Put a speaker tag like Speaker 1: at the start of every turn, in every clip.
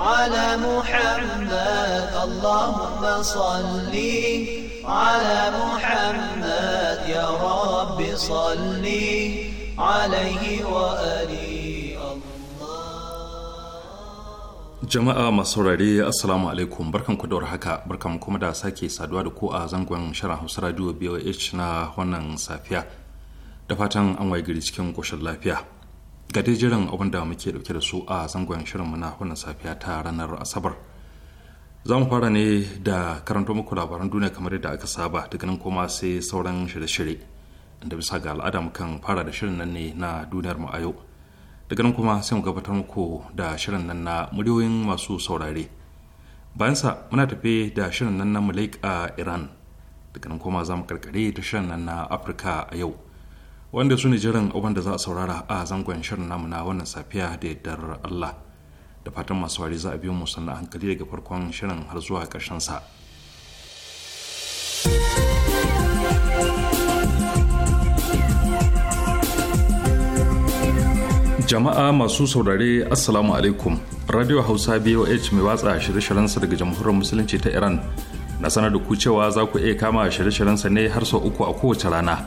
Speaker 1: على محمد اللهم صل على محمد يا رب صل عليه وآله
Speaker 2: jama'a masu saurare assalamu alaikum barkan ku da haka barkan kuma da sake saduwa da ku a zangon shirin hausa radio boh na wannan safiya da fatan an waye gari cikin koshin lafiya ga dai jiran abin da muke dauke da su a zangon shirin na wannan safiya ta ranar asabar za mu fara ne da karanto muku labaran duniya kamar yadda aka saba daga nan kuma sai sauran shirye-shirye inda bisa ga al'ada kan fara da shirin nan ne na duniyar mu a yau daga nan kuma sai mu gabatar muku da shirin nan na muryoyin masu saurare bayan sa muna tafe da shirin nan na mulaik a iran daga nan kuma za mu karkare da shirin nan na afirka a yau wanda su ne jiran abin da za a saurara a zangon shirin namu na wannan safiya da yardar Allah da fatan masu wari za a biyo mu sannan hankali daga farkon shirin har zuwa ƙarshen sa. jama'a masu saurare assalamu alaikum radio hausa boh mai watsa shirye sa daga jamhuriyar musulunci ta iran na sanar da ku cewa za ku iya kama shirye sa ne har sau uku a kowace rana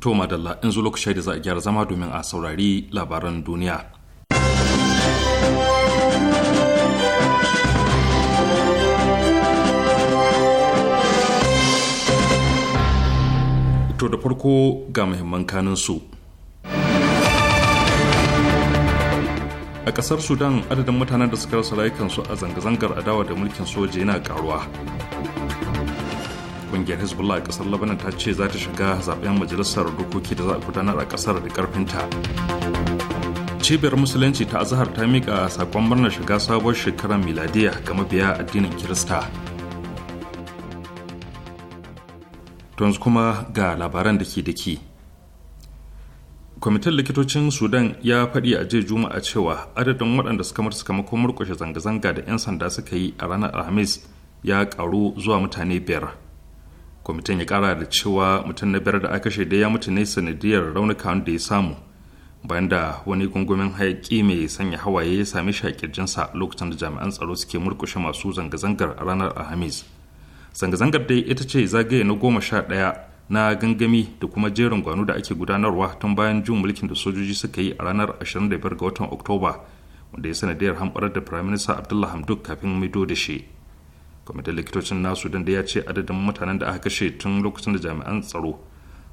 Speaker 2: To madalla in zo lokaci da za a gyara zama domin a saurari labaran duniya. To da farko ga muhimman kaninsu. A ƙasar Sudan adadin mutanen da suka rasa su a zanga-zangar adawa da mulkin soja yana ƙaruwa. kungiyar hezbollah a kasar labanan ta ce za ta shiga zaben majalisar dokoki da za a gudanar a kasar da karfinta cibiyar musulunci ta azahar ta mika sakon murnar shiga sabuwar shekarar miladiya ga mabiya addinin kirista tons kuma ga labaran da ke da kwamitin likitocin sudan ya faɗi a jiya juma'a cewa adadin waɗanda suka mutu sakamakon murƙushe zanga-zanga da 'yan sanda suka yi a ranar alhamis ya ƙaru zuwa mutane biyar kwamitin ya kara da cewa mutum na biyar da aka kashe da ya mutu ne sanadiyar raunuka da ya samu bayan da wani gungumin hayaki mai sanya hawaye ya sami shi a lokacin da jami'an tsaro suke murkushe masu zanga-zangar a ranar alhamis zanga-zangar dai ita ce zagaye na goma sha ɗaya na gangami da kuma jerin gwano da ake gudanarwa tun bayan jin mulkin da sojoji suka yi a ranar 25 ga watan oktoba wanda ya sanadiyar hamɓarar da firaminista abdullah hamduk kafin mido da shi kwamitin likitocin nasu don da ya ce adadin mutanen da aka kashe tun lokacin da jami'an tsaro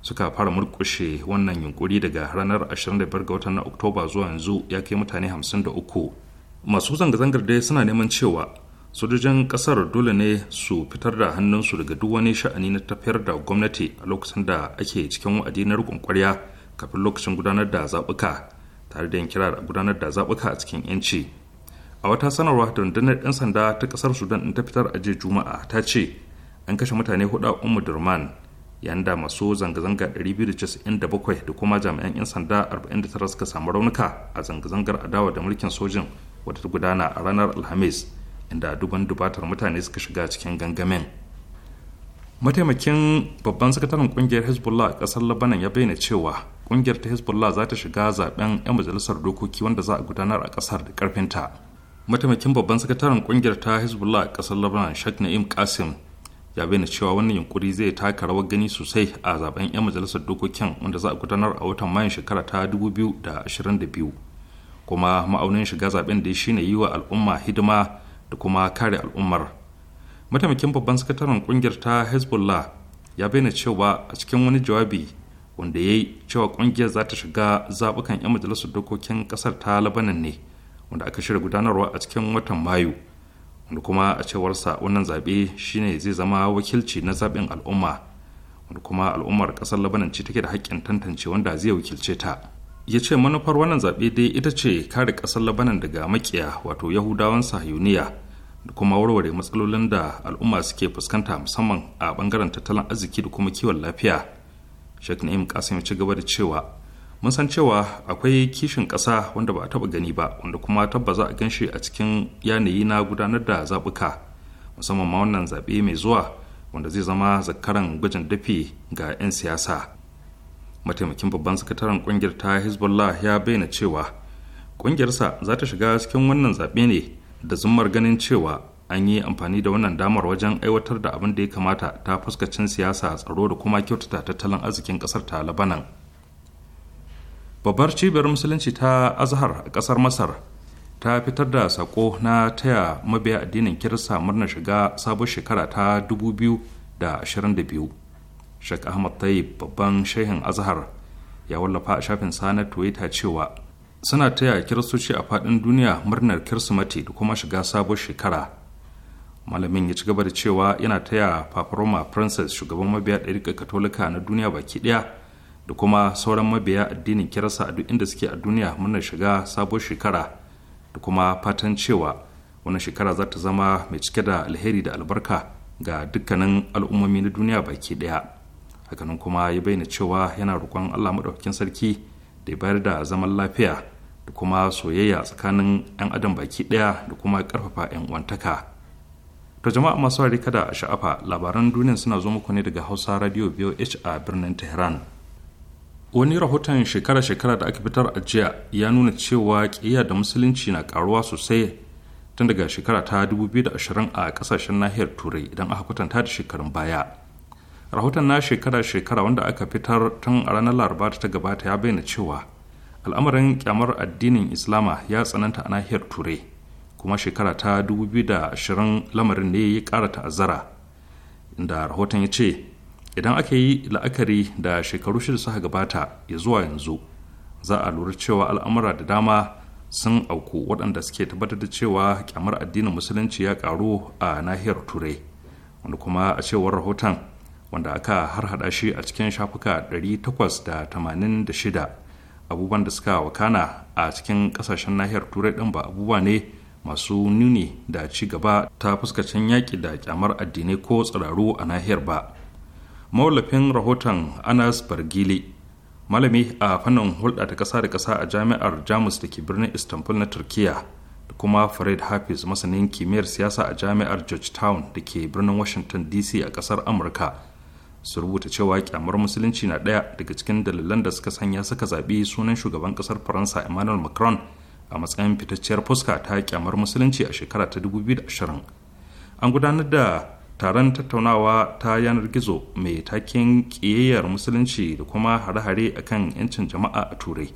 Speaker 2: suka fara murkushe wannan yunkuri daga ranar 25 ga watan na oktoba zuwa yanzu ya kai mutane 53 masu zanga-zangar dai suna neman cewa sojojin kasar dole ne su fitar da hannunsu daga duk wani sha'ani na tafiyar da gwamnati a lokacin da ake cikin wa'adi na rukun kwarya kafin lokacin gudanar da zaɓuka tare da yin kirar gudanar da zaɓuka a cikin 'yanci a wata sanarwa da rundunar 'yan sanda ta kasar sudan ta fitar a juma'a ta ce an kashe mutane hudu a ummu durman yayin da masu zanga-zanga 297 da kuma jami'an 'yan sanda 49 suka samu raunuka a zanga-zangar adawa da mulkin sojin wadda ta gudana a ranar alhamis inda duban dubatar mutane suka shiga cikin gangamin mataimakin babban sakataren kungiyar hezbollah a kasar labanan ya bayyana cewa kungiyar ta hezbollah za ta shiga zaben 'yan majalisar dokoki wanda za a gudanar a kasar da karfinta mataimakin babban sakataren kungiyar ta hezbollah a kasar lebanon shak na'im kasim ya bayyana cewa wannan yunkuri zai taka rawar gani sosai a zaben 'yan majalisar dokokin wanda za a gudanar a watan mayan shekara ta 2022 kuma ma'aunin shiga zaben da shine yi wa al'umma hidima da kuma kare al'ummar mataimakin babban sakataren kungiyar ta hezbollah ya bayyana cewa a cikin wani jawabi wanda ya yi cewa kungiyar za ta shiga zabukan 'yan majalisar dokokin kasar ta labanan ne wanda aka shirya gudanarwa a cikin watan mayu wanda kuma a cewarsa wannan zaɓe shine zai zama wakilci na zaɓin al'umma wanda kuma al'ummar ƙasar labanan ce take da haƙƙin tantance wanda zai wakilce ta ya ce manufar wannan zaɓe dai ita ce kare ƙasar labanan daga maƙiya wato yahudawan sahiyuniya da kuma warware matsalolin da al'umma suke fuskanta musamman a ɓangaren tattalin arziki da kuma kiwon lafiya sheikh na'im kasim ya ci gaba da cewa mun san cewa akwai kishin ƙasa wanda ba a taɓa gani ba wanda kuma tabba za a gan shi a cikin yanayi na gudanar da zaɓuka musamman ma wannan zaɓe mai zuwa wanda zai zama zakaran gwajin dafi ga 'yan siyasa mataimakin babban sakataren ƙungiyar ta hezbollah ya bayyana cewa ƙungiyarsa za ta shiga cikin wannan zaɓe ne da zummar ganin cewa an yi amfani da wannan damar wajen aiwatar da abin da ya kamata ta fuskacin siyasa tsaro da kuma kyautata tattalin arzikin ƙasar ta labanan babbar cibiyar musulunci ta azhar a kasar masar ta fitar da sako na taya mabiya addinin kirista murnar shiga sabon shekara ta 2022 shek ahmad tayyib babban shehin azhar ya wallafa a shafin sa na twitter cewa suna taya kiristoci a faɗin duniya murnar kirsimati da kuma shiga sabon shekara malamin ya ci gaba da cewa yana taya paparoma princess shugaban mabiya ɗarika katolika na duniya baki ɗaya da kuma sauran mabiya addinin kirasa a duk inda suke a duniya muna shiga sabuwar shekara da kuma fatan cewa wani shekara za ta zama mai cike da alheri da albarka ga dukkanin al'ummomi na duniya baki daya hakanan kuma ya bayyana cewa yana roƙon allah maɗaukakin sarki da ya bayar da zaman lafiya da kuma soyayya tsakanin 'yan adam baki daya da kuma ƙarfafa 'yan uwantaka To jama'a masu kada a sha'afa labaran duniya suna zo muku ne daga Hausa Radio VOH a birnin Tehran. wani rahoton shekara-shekara da aka fitar a jiya ya nuna cewa kiyaya da musulunci na karuwa sosai tun daga shekara ta 2020 a kasashen nahiyar turai idan aka kwatanta da shekarun baya rahoton na shekara-shekara wanda aka fitar tun a ranar laraba da ta gabata ya bayyana cewa al'amarin kyamar addinin islama ya tsananta a nahiyar turai kuma shekara ta 2020 lamarin ne ya ƙara ta'azzara inda rahoton ya ce idan aka yi la'akari da shekaru shida suka gabata ya zuwa yanzu za a lura cewa al'amura da dama sun auku waɗanda suke tabbatar da cewa kyamar addinin musulunci ya karu a nahiyar turai wanda kuma a cewar rahoton wanda aka harhaɗa shi a cikin shafuka 886 abubuwan da suka wakana a cikin ƙasashen nahiyar turai ɗin ba abubuwa ne masu nuni da ci gaba ta fuskacin yaƙi da kyamar addinai ko tsiraru a nahiyar ba mawallafin rahoton anas bargili malami a fannin hulɗa ta ƙasa da ƙasa a jami'ar jamus da ke birnin istanbul na turkiya da kuma fred hafiz masanin kimiyyar siyasa a jami'ar georgetown da ke birnin washington dc a ƙasar amurka su rubuta cewa kyamar musulunci na ɗaya daga cikin dalilan da suka sanya suka zaɓi sunan shugaban ƙasar faransa emmanuel macron a matsayin fitacciyar fuska ta kyamar musulunci a shekara ta 2020 an gudanar da taron tattaunawa ta yanar gizo mai taken kiyayyar musulunci da kuma hare-hare akan kan 'yancin jama'a a turai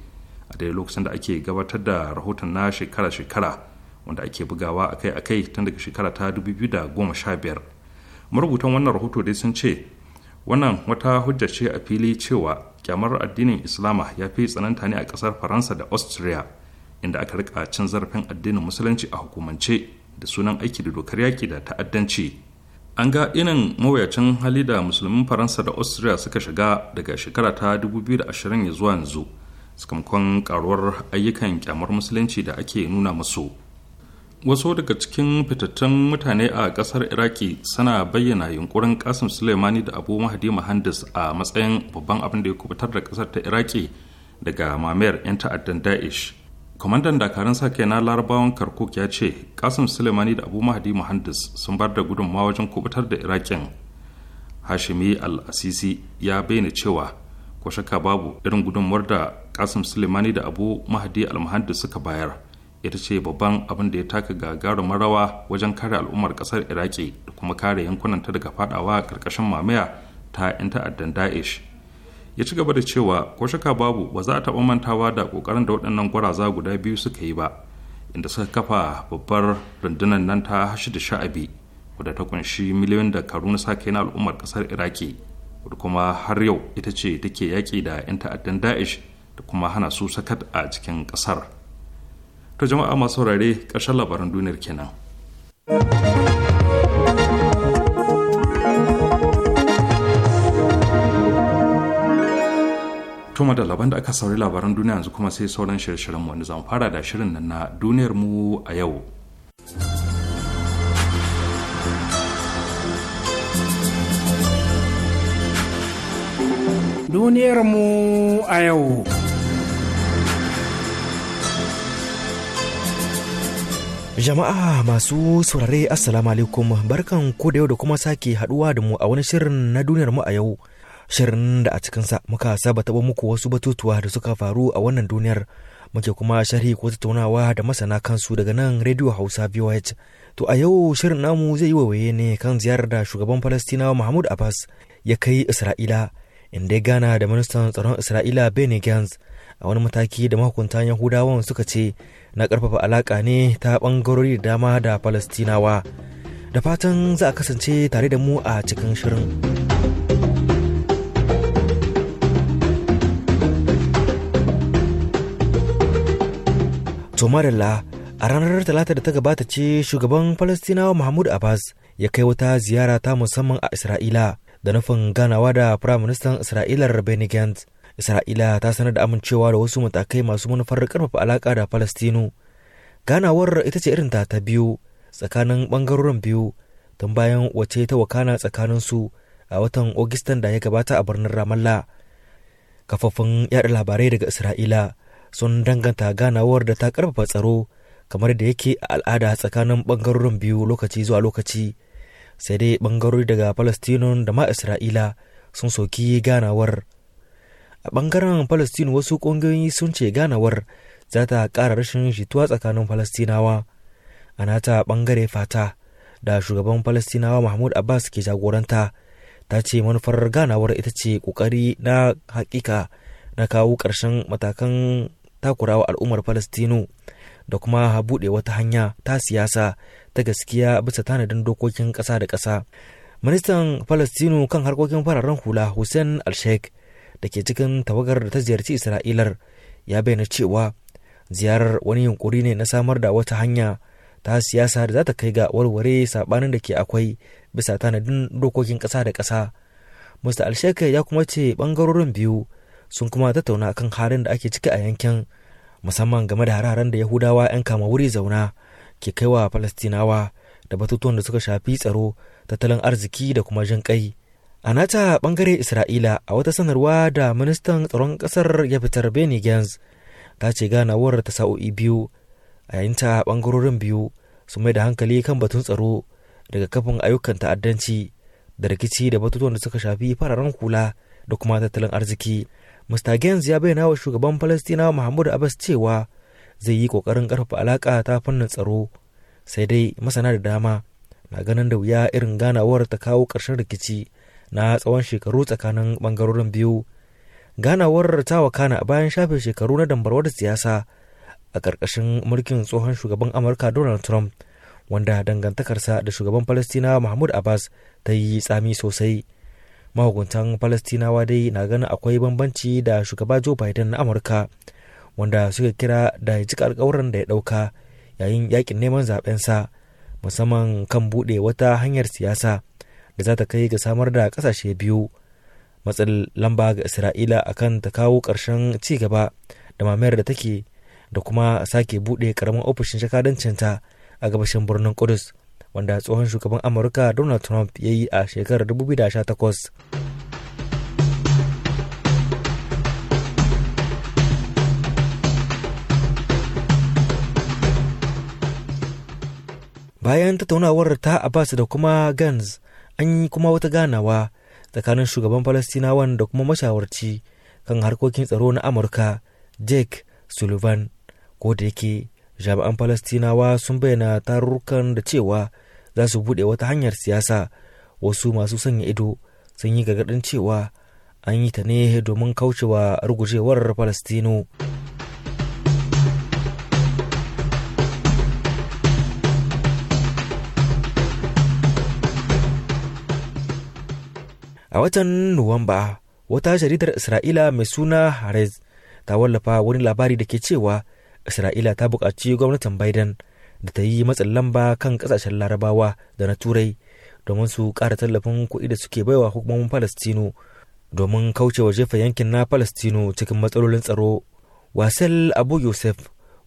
Speaker 2: a daidai lokacin da ake gabatar da rahoton na shekara-shekara wanda ake bugawa akai-akai tun daga shekara ta 2015 marubutan wannan rahoto dai sun ce wannan wata hujja ce a fili cewa kyamar addinin islama ya fi tsananta ne a kasar faransa da austria inda aka rika cin zarafin addinin musulunci a hukumance da sunan aiki da dokar yaki da ta'addanci an ga irin mawuyacin hali da musulmin faransa da austria suka shiga daga shekara ta 2020 ya zuwa yanzu sakamakon karuwar ayyukan kyamar musulunci da ake nuna musu wasu daga cikin fitattun mutane a kasar iraki suna bayyana yunkurin kasim suleimani da abu mahadi mahandis a matsayin babban abin da ya kubutar da kasar ta iraki daga mamayar 'yan ta'addan daesh kwamandan dakarun sa na larabawan karkuk ya ce kasim sulemani da abu mahadi muhandis sun bar da gudunmawa wajen kubutar da iraƙin hashimi al-asisi ya bayyana cewa ko shakka babu irin gudunmawar da kasim sulemani da abu mahadi al-muhandis suka bayar ita ce babban abin da ya taka gagarumin marawa wajen kare al'ummar kasar iraki da kuma kare yankunanta daga fadawa karkashin mamaya ta 'yan ta'addan daesh ya ci gaba da cewa ko shaka babu ba za a taɓa mantawa da ƙoƙarin da waɗannan gwaraza guda biyu suka yi ba inda suka kafa babbar rundunar nan ta hashi da sha'abi wadda ta kunshi miliyoyin da karu na sake na al'ummar ƙasar iraki wadda kuma har yau ita ce take yaƙi da 'yan ta'addan da'ish da kuma hana su sakat a cikin ƙasar to jama'a masu saurare ƙarshen labaran duniyar kenan. to Laban da aka sauri labaran duniya yanzu kuma sai sauran shirye-shiryen wanda zamu fara da shirin nan na duniyar mu a yau
Speaker 3: duniyar mu a yau
Speaker 4: Jama'a masu saurare Assalamu alaikum barkan ku da yau da kuma sake haduwa da mu a wani shirin na duniyar mu a yau Shirin da a cikinsa muka saba taɓa muku wasu batutuwa da suka faru a wannan duniyar muke kuma sharhi ko tattaunawa da masana kansu daga nan Radio Hausa VOH. To a yau shirin namu zai yi waye ne kan ziyarar da shugaban Falastinawa Mahmud Abbas ya kai Isra'ila inda ya gana da ministan tsaron Isra'ila Benny Gantz a wani mataki da mahukuntan Yahudawan suka ce na karfafa alaka ne ta bangarori da dama da Falastinawa. Da fatan za a kasance tare da mu a cikin shirin. To Marilla, a ranar Talata da ta gabata ce shugaban Falastinawa Mahmud Abbas ya kai wata ziyara ta musamman a Isra'ila da nufin ganawa da Firaministan isra'ila Benny Gantz. Isra'ila ta sanar da amincewa da wasu matakai masu manufar karfafa alaka da Falastinu. Ganawar ita ce irin ta ta biyu tsakanin bangarorin biyu tun bayan wace ta wakana tsakanin su a watan Ogistan da ya gabata a birnin Ramallah. Kafafin yaɗa labarai daga Isra'ila sun danganta ganawar da ta karfafa tsaro kamar da yake a al'ada tsakanin bangarorin biyu lokaci zuwa lokaci sai dai bangarori daga palestinon da ma isra'ila sun soki ganawar a bangaren palestin wasu ƙungiyoyi sun ce ganawar za ta ƙara rashin jituwa tsakanin palestinawa a nata bangare fata da shugaban palestinawa mahmud abbas ke jagoranta ta ce manufar ganawar ita ce ƙoƙari na hakika na kawo ƙarshen matakan takura wa al'ummar Falastinu da kuma buɗe wata hanya ta siyasa ta gaskiya bisa tanadin dokokin ƙasa da ƙasa. Ministan Falastinu kan harkokin fararen hula Hussein Al-Sheikh da ke cikin tawagar da ta ziyarci Isra'ilar ya bayyana cewa ziyarar wani yunkuri ne na samar da wata hanya ta siyasa da za ta kai ga warware saɓanin da ke akwai bisa tanadin dokokin ƙasa da ƙasa. Mr. sheikh ya kuma ce ɓangarorin biyu sun kuma tattauna kan halin da ake ciki a yankin musamman game da hararen da yahudawa 'yan kama wuri zauna ke kaiwa falastinawa da batutuwan da suka shafi tsaro tattalin arziki da kuma jin kai a nata bangare isra'ila a wata sanarwa da ministan tsaron kasar ya fitar benny gans ta ce ganawar ta sa'o'i biyu a yayin ta bangarorin biyu su mai da hankali kan batun tsaro daga kafin ayyukan ta'addanci da rikici da batutuwan da suka shafi fararen hula da kuma tattalin arziki Mr. Gaines ya bayyana wa shugaban falastina Mahmud Abbas cewa zai yi kokarin ƙarfafa alaƙa ta fannin tsaro sai dai masana da dama na ganin da wuya irin ganawar ta kawo ƙarshen rikici na tsawon shekaru tsakanin ɓangarorin biyu ganawar ta wakana bayan shafe shekaru na dambarwar siyasa a ƙarƙashin mulkin tsohon shugaban amurka donald trump wanda dangantakarsa da shugaban Falastina mahmud abbas ta yi tsami sosai mahukuntan palestinawa dai na ganin akwai bambanci da shugaba joe biden na amurka wanda suka kira da ya cika alkawuran da ya dauka yayin yakin neman zabensa musamman kan bude wata hanyar siyasa da za ta kai ga samar da kasashe biyu matsin lamba ga isra'ila akan ta kawo karshen ci gaba da mamayar da take da kuma sake bude karamin ofishin shakadancinta a gabashin birnin kudus wanda tsohon shugaban amurka donald trump ya yi a shekarar 2018 bayan tattaunawar ta a basu da kuma gans an yi kuma wata ganawa tsakanin shugaban falastinawan da kuma mashawarci kan harkokin tsaro na amurka jake sullivan ko da yake jami'an falastinawa sun bayyana tarurrukan da cewa za su buɗe wata hanyar siyasa wasu masu sanya ido sun yi gargaɗin cewa an yi ta ne domin kaucewa rugujewar falastino a watan nuwamba wata jaridar isra'ila mai suna harez ta wallafa wani labari da ke cewa isra'ila ta buƙaci gwamnatin biden da ta yi matsin lamba kan kasashen larabawa da na turai domin su ƙara tallafin kuɗi da suke baiwa hukumomin palestino domin kaucewa jefa yankin na palestino cikin matsalolin tsaro wasel abu yosef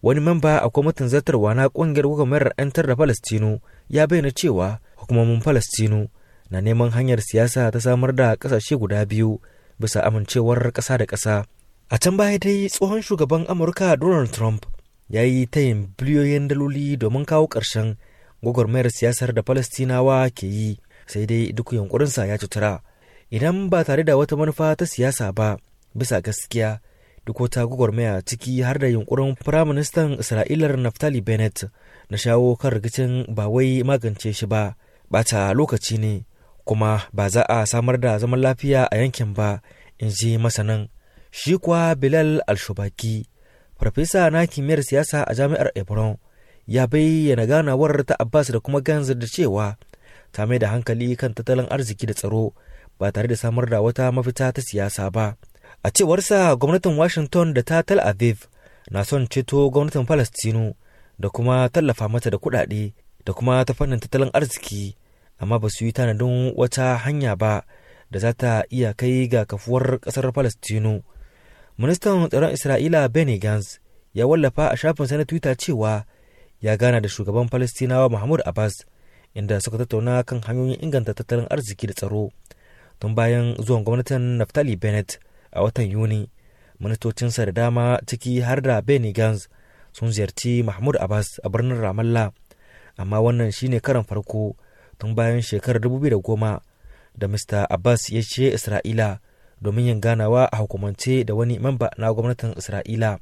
Speaker 4: wani mamba a kwamitin zartarwa na ƙungiyar gwamnatin 'yantar da palestino ya bayyana cewa hukumomin palestino na neman hanyar siyasa ta samar da ƙasashe guda biyu bisa amincewar ƙasa da ƙasa a can baya dai tsohon shugaban amurka donald trump ya yi tayin biliyoyin daloli domin kawo ƙarshen gwagwarmayar siyasar da Falastinawa ke yi sai dai duk yunkurinsa ya cutura. Idan ba tare da wata manufa ta siyasa ba, bisa gaskiya, duk wata gwagwarmaya ciki har da yunkurin Firaministan Isra'ilar Naftali Bennett na shawo kan rikicin ba wai magance shi ba, bata lokaci ne, kuma ba za a samar da zaman lafiya a yankin ba, in ji masanin. Shi kuwa Bilal Alshubaki farfesa na kimiyyar siyasa a jami'ar ebron ya bayyana ganawar ta abbas da kuma ganz da cewa ta mai da hankali kan tattalin arziki da tsaro ba tare da samar da wata mafita ta siyasa ba a cewarsa gwamnatin washington da ta tel aviv na son ceto gwamnatin palestino da kuma tallafa mata da kuɗaɗe da kuma ta fannin tattalin arziki amma ba su yi tanadin wata hanya ba da za ta iya kai ga kafuwar ƙasar palestino ministan tsaron isra'ila benny gantz ya wallafa a shafin na twitter cewa ya gana da shugaban falastinawa mahmud abbas inda suka tattauna kan hanyoyin inganta tattalin arziki da tsaro tun bayan zuwan gwamnatin naftali bennett a watan yuni ministocinsa da dama ciki har da benny gantz sun ziyarci mahmud abbas a birnin ramallah amma wannan shine karan farko tun bayan shekarar 2010 da mr abbas ya ce isra'ila domin yin ganawa a hukumance da wani mamba na gwamnatin isra'ila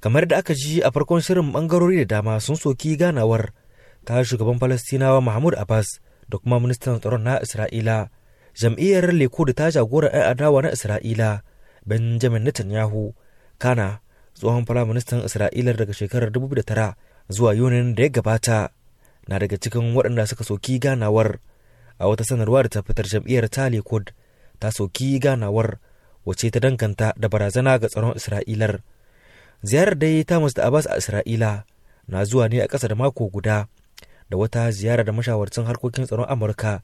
Speaker 4: kamar da aka ji a farkon shirin bangarori da dama sun soki ganawar ta shugaban falastinawa mahmud abbas da kuma ministan tsaron na isra'ila jam'iyyar likud ta jagora 'yan adawa na isra'ila benjamin netanyahu kana tsohon firaministan isra'ila daga shekarar 2009 zuwa yunin da ya gabata na daga cikin waɗanda suka soki ganawar a wata sanarwa da ta fitar jam'iyyar ta ta soki ganawar wace ta danganta da barazana ga tsaron isra'ilar ziyarar dai ta da abbas a isra'ila na zuwa ne a ƙasa da mako guda da wata ziyara da mashawarcin harkokin tsaron amurka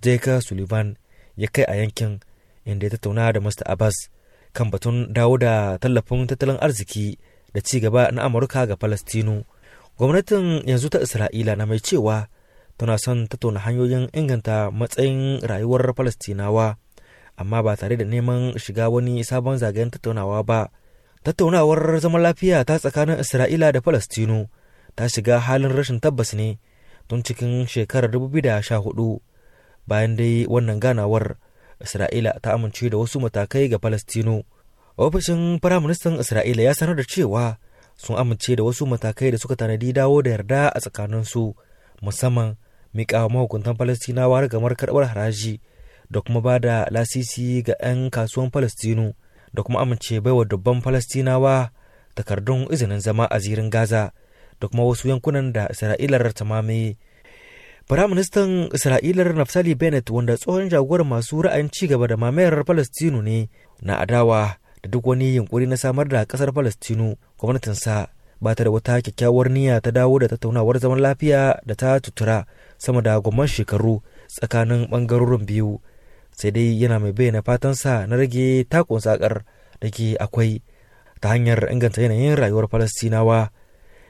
Speaker 4: jeka sullivan ya kai a yankin inda ya tattauna da mr abbas kan batun dawo da tallafin tattalin arziki da ci gaba na amurka ga falastinu gwamnatin yanzu ta isra'ila na mai cewa tana son tattauna hanyoyin inganta matsayin rayuwar falastinawa amma ba tare da neman shiga wani sabon zagayen tattaunawa ba tattaunawar zaman lafiya ta tsakanin isra'ila da falastinu ta shiga halin rashin tabbas ne tun cikin shekarar 2014 bayan dai wannan ganawar Isra'ila ta amince da wasu matakai ga Falastino. Ofishin Firaministan Isra'ila ya sanar da cewa sun amince da wasu matakai da suka tanadi dawo da yarda a tsakaninsu musamman miƙa mahukuntan Falastinawa ragamar karɓar haraji da kuma ba da lasisi ga 'yan kasuwan Falastino, da kuma amince baiwa dubban Falastinawa takardun izinin zama a zirin Gaza da kuma wasu yankunan da Isra'ilar ta mamaye. Firaministan Isra'ilar Naftali Bennett wanda tsohon jagorar masu ra'ayin ci gaba da mamayar Falastinu ne na adawa da duk wani yunkuri na samar da kasar Falastinu gwamnatinsa ba ta da wata kyakkyawar niyya ta dawo da tattaunawar zaman lafiya da ta tutura sama da gomman shekaru tsakanin bangarorin biyu sai dai yana mai bayyana sa na rage takon sakar da ke akwai ta hanyar inganta yanayin rayuwar Falastinawa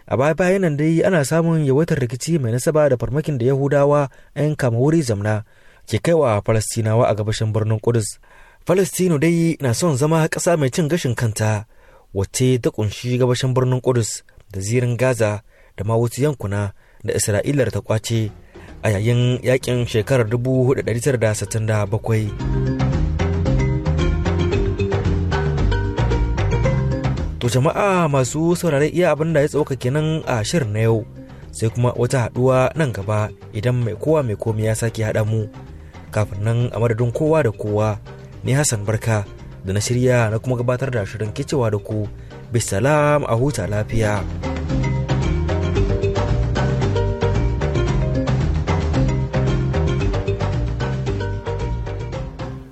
Speaker 4: a baya bayan nan dai ana samun yawaitar rikici mai nasaba da farmakin da yahudawa 'yan kamawuri zamna ke kaiwa falastinawa a gabashin birnin kudus falastino dai na son zama ƙasa mai cin gashin kanta wacce ta kunshi gabashin birnin kudus da zirin gaza da ma wasu yankuna da isra'ilar ta kwace a yayin yakin shekarar 1967 To jama'a masu saurare iya abin da ya tsauka kenan a shirin na yau sai kuma wata haɗuwa nan gaba idan mai kowa mai komi ya sake haɗa mu kafin nan a madadin kowa da kowa ni Hassan Barka da na shirya na kuma gabatar da shirin kicewa da ku bisalam a huta lafiya.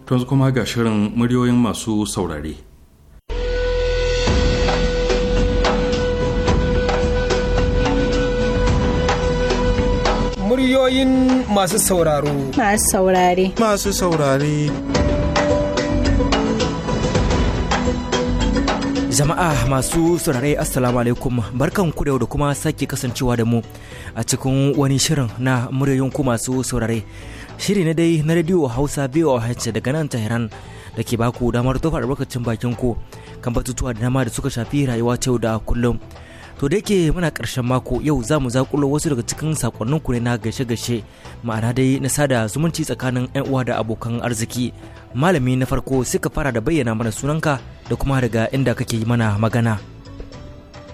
Speaker 2: Tunzu kuma ga shirin muryoyin masu saurare.
Speaker 3: Muryoyin masu sauraro. Masu saurare. Masu saurare.
Speaker 4: Jama'a masu saurare Assalamu alaikum barkan ku da kuma sake kasancewa da mu a cikin wani shirin na muryoyin ku masu saurare. Shiri na dai na Radio Hausa biyu a daga nan Tehran da ke baku damar tofa albarkacin bakin ku kan batutuwa da dama da suka shafi rayuwa ta yau da kullum. to da yake muna karshen mako yau za mu zakulo wasu daga cikin sakonnin ne na gashe-gashe ma'ana dai na sada zumunci tsakanin 'yan uwa da abokan arziki malami na farko suka fara da bayyana mana sunanka da kuma daga inda kake yi mana magana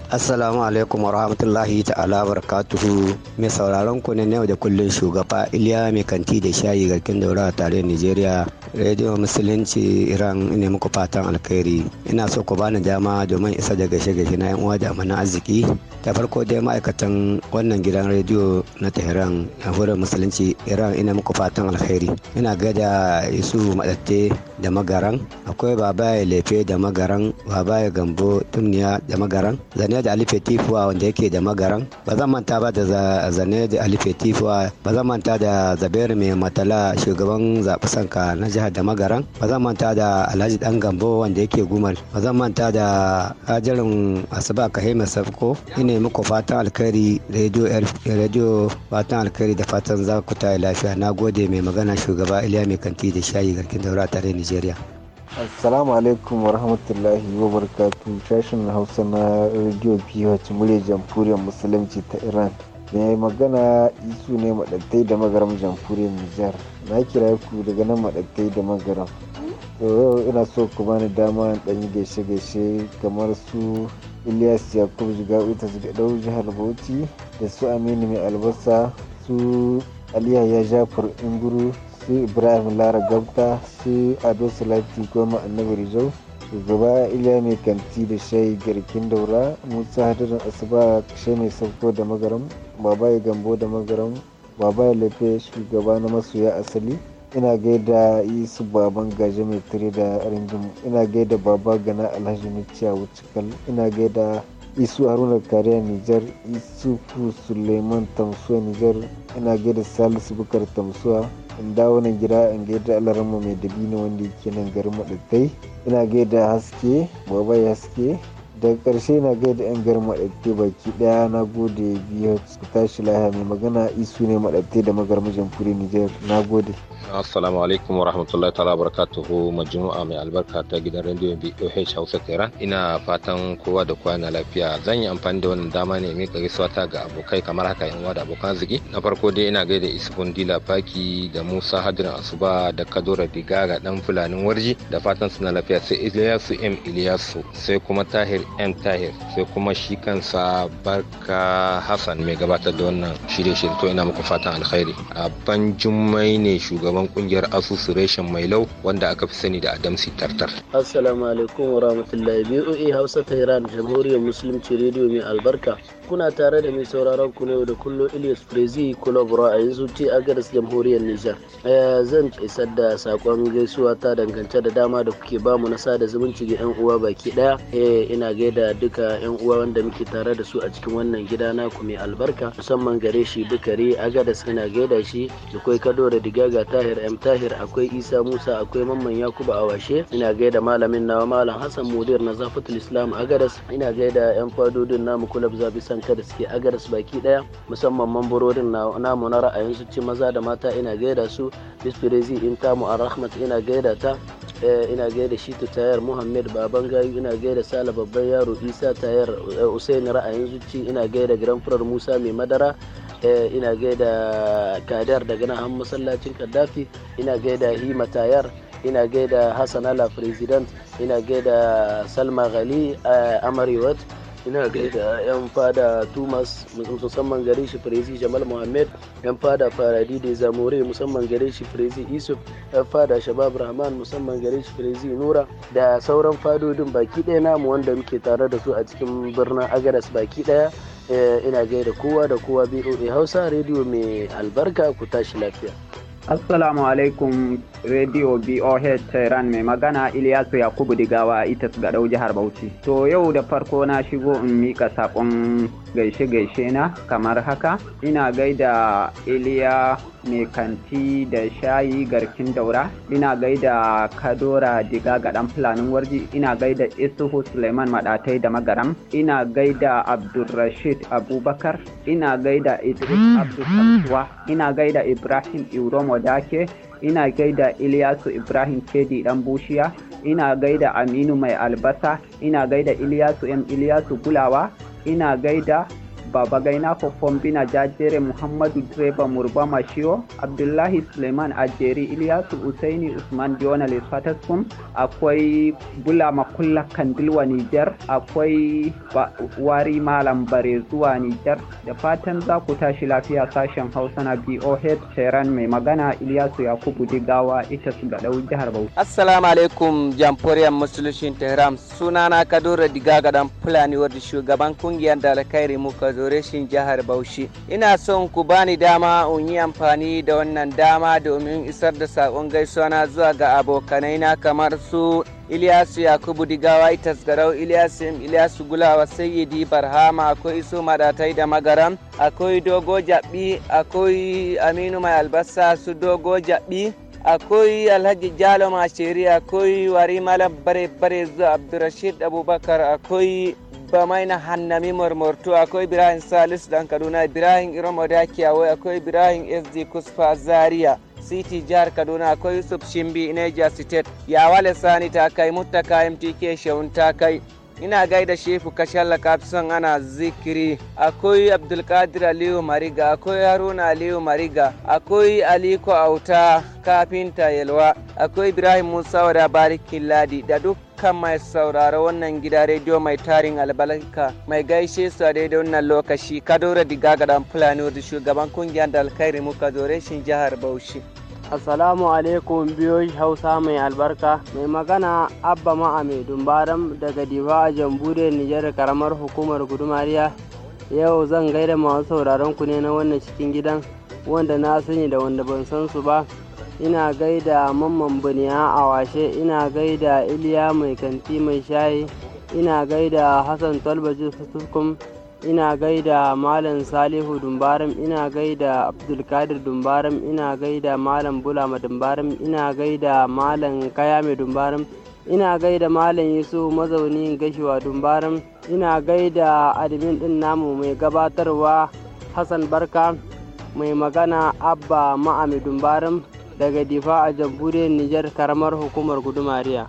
Speaker 5: Assalamu alaikum warahmatullahi ta'ala barakatuhu mai sauraron ku ne yau da kullun shugaba Iliya mai kanti da shayi garkin daura a tare Nigeria Radio Musulunci Iran ne muku fatan alkhairi ina so ku bani dama domin isa da gashe gashe na yan uwa da amana arziki da farko dai ma'aikatan wannan gidan rediyo na Tehran Jamhuriyar Musulunci Iran ina muku fatan alkhairi ina gada isu Madatte da Magaran akwai Babaye Lefe da Magaran Babaye Gambo Tumniya da Magaran Zane zane da alife tifuwa wanda yake da magaran ba zan manta ba da zane da alife tifuwa ba zan manta da zaberi mai matala shugaban zaɓi sanka na jihar da magaran ba zan manta da alhaji dan gambo wanda yake gumar ba zan manta da hajarin asuba kahima safko ina muku fatan alkhairi radio fatan alkhairi da fatan za ku ta lafiya na gode mai magana shugaba iliya mai kanti da shayi garkin daura tare nigeria
Speaker 6: Assalamu alaikum wa rahmatullahi wa barakatu sashen Hausa na Radio PH murya jamhuriyar Musulunci ta Iran. Mai magana isu ne maɗattai da magaram jamhuriyar Nijar. Na kira ku daga nan maɗattai da magaram. yau ina so ku bani dama ɗan yi gaishe-gaishe kamar su Ilyas Yakubu Uta ta Dau jihar Bauchi da su Aminu Mai Albasa su Aliya Ya Jafar Inguru shi ibrahim lara gabta shi ado salati goma annabi rizau shugaba iliya mai kanti da shayi garkin daura musa hadarin asuba kashe mai sauko da magaram babaye gambo da magaram babaye lafe shugaba na masoya asali ina gaida isu baban gaje mai tare da rinjin ina gaida baba gana alhaji nuciya wucikal ina gaida isu haruna kariya nijar isu isufu suleiman tamsuwa nijar ina gaida salisu bukar tamsuwa in dawo nan gida in gaida mu mai dabino wanda yake nan garin maɗattai ina gaida haske babai haske da ƙarshe na gaida 'yan garin maɗabte baki ɗaya na gode biyu su tashi lahiya mai magana isu ne maɗabte da magarmajin jamhuri nijar na gode
Speaker 3: assalamu alaikum wa rahmatullahi ta'ala barakatuhu majmu'a mai albarka ta gidan rediyon BOH Hausa Tehran ina fatan kowa da kowa na lafiya zan yi amfani da wannan dama ne mika gaisuwa ta ga abokai kamar haka yan uwa da abokan arziki na farko dai ina gaida isu Dila Faki da Musa Hadirin Asuba da Kadora digara dan fulanin warji da fatan na lafiya sai Iliyasu M Iliyasu sai kuma Tahir m tahir sai kuma shi kansa barka hassan mai gabatar da wannan shirye shirye to ina muku fatan alkhairi a ban jummai ne shugaban kungiyar asusu reshen mai lau wanda aka fi sani da adamsi tartar
Speaker 7: assalamu alaikum wa rahmatullahi boe hausa ta iran jamhuriyar musulunci rediyo mai albarka kuna tare da mai sauraron ku ne da kullum Ilyas Prezi Kulabura a yanzu ti a garis jamhuriyar Nijar. Eh, zan isar da sakon gaisuwa ta dangance da dama da kuke bamu na sada zumunci ga yan uwa baki daya. Eh, ina gaida duka yan uwa wanda muke tare da su a cikin wannan gida na ku mai albarka musamman gare shi Bukari a garis ina gaida shi kado da Digaga Tahir M Tahir akwai Isa Musa akwai Mamman Yakubu Awashe ina gaida malamin nawa Malam Hassan Mudir na Zafatul Islam a garis ina gaida yan fadodin namu kulab Zabisan talaka da suke agaris baki daya musamman mamburorin namu na ra'ayin su ce maza da mata ina gaida su bisfirezi in tamu a rahmat ina gaida ta eh, ina gaida shi ta tayar muhammed baban gayu ina gaida sala babban yaro isa tayar eh, usain ra'ayin zuci ina gaida giran furar musa mai madara eh, ina gaida kadar daga nan masallacin kaddafi ina gaida hima tayar ina gaida hassan ala president ina gaida salma ghali amaryuwat ina gaida yan fada tumas musamman gare shi jamal muhammed yan fada faradi da zamore musamman gare shi firezi isuf yan fada shabab rahman musamman gare shi nura da sauran fadodin baki ɗaya namu wanda muke tare da su a cikin birnin agadas baki ɗaya eh, ina gaida kowa da kowa boa hausa rediyo mai albarka ku tashi lafiya
Speaker 8: Assalamu alaikum Radio BOH Tehran mai magana Ilyasu Yakubu Digawa ita Gadau jihar Bauchi. To yau da farko na shigo in mika saƙon gaishe-gaishe na kamar haka. Ina gaida Iliya mai kanti da shayi garkin daura ina gaida kadora diga ga dan fulanin warji ina gaida isuhu suleiman madatai da magaram ina gaida abdulrashid abubakar ina gaida idris hmm. abdul ina gaida ibrahim iromo dake ina gaida Ilyasu Ibrahim Kedi dan Bushiya, ina gaida Aminu Mai Albasa, ina gaida Ilyasu M Ilyasu Gulawa, ina gaida babagaina fofombina jajere muhammadu direba murba mashiyo abdullahi suleiman ajeri iliyasu usaini usman jonal fataskum akwai bula makulla kandilwa nijar akwai wari malam bare zuwa nijar da fatan za ku tashi lafiya sashen hausa na boh tehran mai magana iliyasu yakubu digawa ita su gaɗau jihar bauchi
Speaker 9: assalamu alaikum jamforiyar musulushin tehran sunana kadura diga gadan fulani wadda shugaban kungiyar dalakai remuka zo reshin jihar Bauchi. Ina son ku bani dama in yi amfani da wannan dama domin isar da sakon gaisuwa zuwa ga abokanai na kamar su Ilyasu Yakubu Digawa Itas Garau Ilyasu Gulawa Sayyidi Barhama akwai Iso Madatai da Magaram akwai Dogo Jabi akwai Aminu Mai Albasa su Dogo Jabi akwai alhaji jalo mashiri akwai wari malam bare bare zuwa abdurashid abubakar akwai to hannami mormorto akwai ibrahim salisu dan kaduna ibrahim iromo dakiyawai akwai ibrahim sd kusfa zaria city jihar kaduna akwai yusuf shimbi niger state wale sani ta kai mutta mtk shehun ta kai ina gaida shefu kashalla kafison ana zikiri akwai abdulkadir aliyu mariga akwai haruna aliyu mariga akwai aliko auta kafinta yalwa akwai ibrahim musa wada barikin ladi da duk dukkan mai sauraro wannan gida rediyo mai tarin albarka mai gaishe su a daidai wannan lokaci kadora diga dan fulani da shugaban kungiyar da alkhairi muka zore shin jihar bauchi Asalamu alaikum biyoyi
Speaker 10: Hausa mai albarka mai magana Abba Ma'ame Dumbaram daga Diba a Jamhuriyar Nijar karamar hukumar Gudumariya. Yau zan gaida masu sauraron ku ne na wannan cikin gidan wanda na sani da wanda ban san su ba. ina gaida mamman buniya a washe ina gaida iliya mai kanti mai shayi ina gaida hassan talbaji suskum ina gaida malam salihu dumbaram ina gaida abdulkadir dumbaram ina gaida malam bulama dumbarin ina gaida malam kayame dumbaram ina gaida malam yusuf mazaunin gashiwa dumbaram ina gaida admin din namu mai gabatarwa hassan barka mai magana abba ma'ami dumbaram daga difa a jamhuriyar Nijar karamar hukumar gudumariya.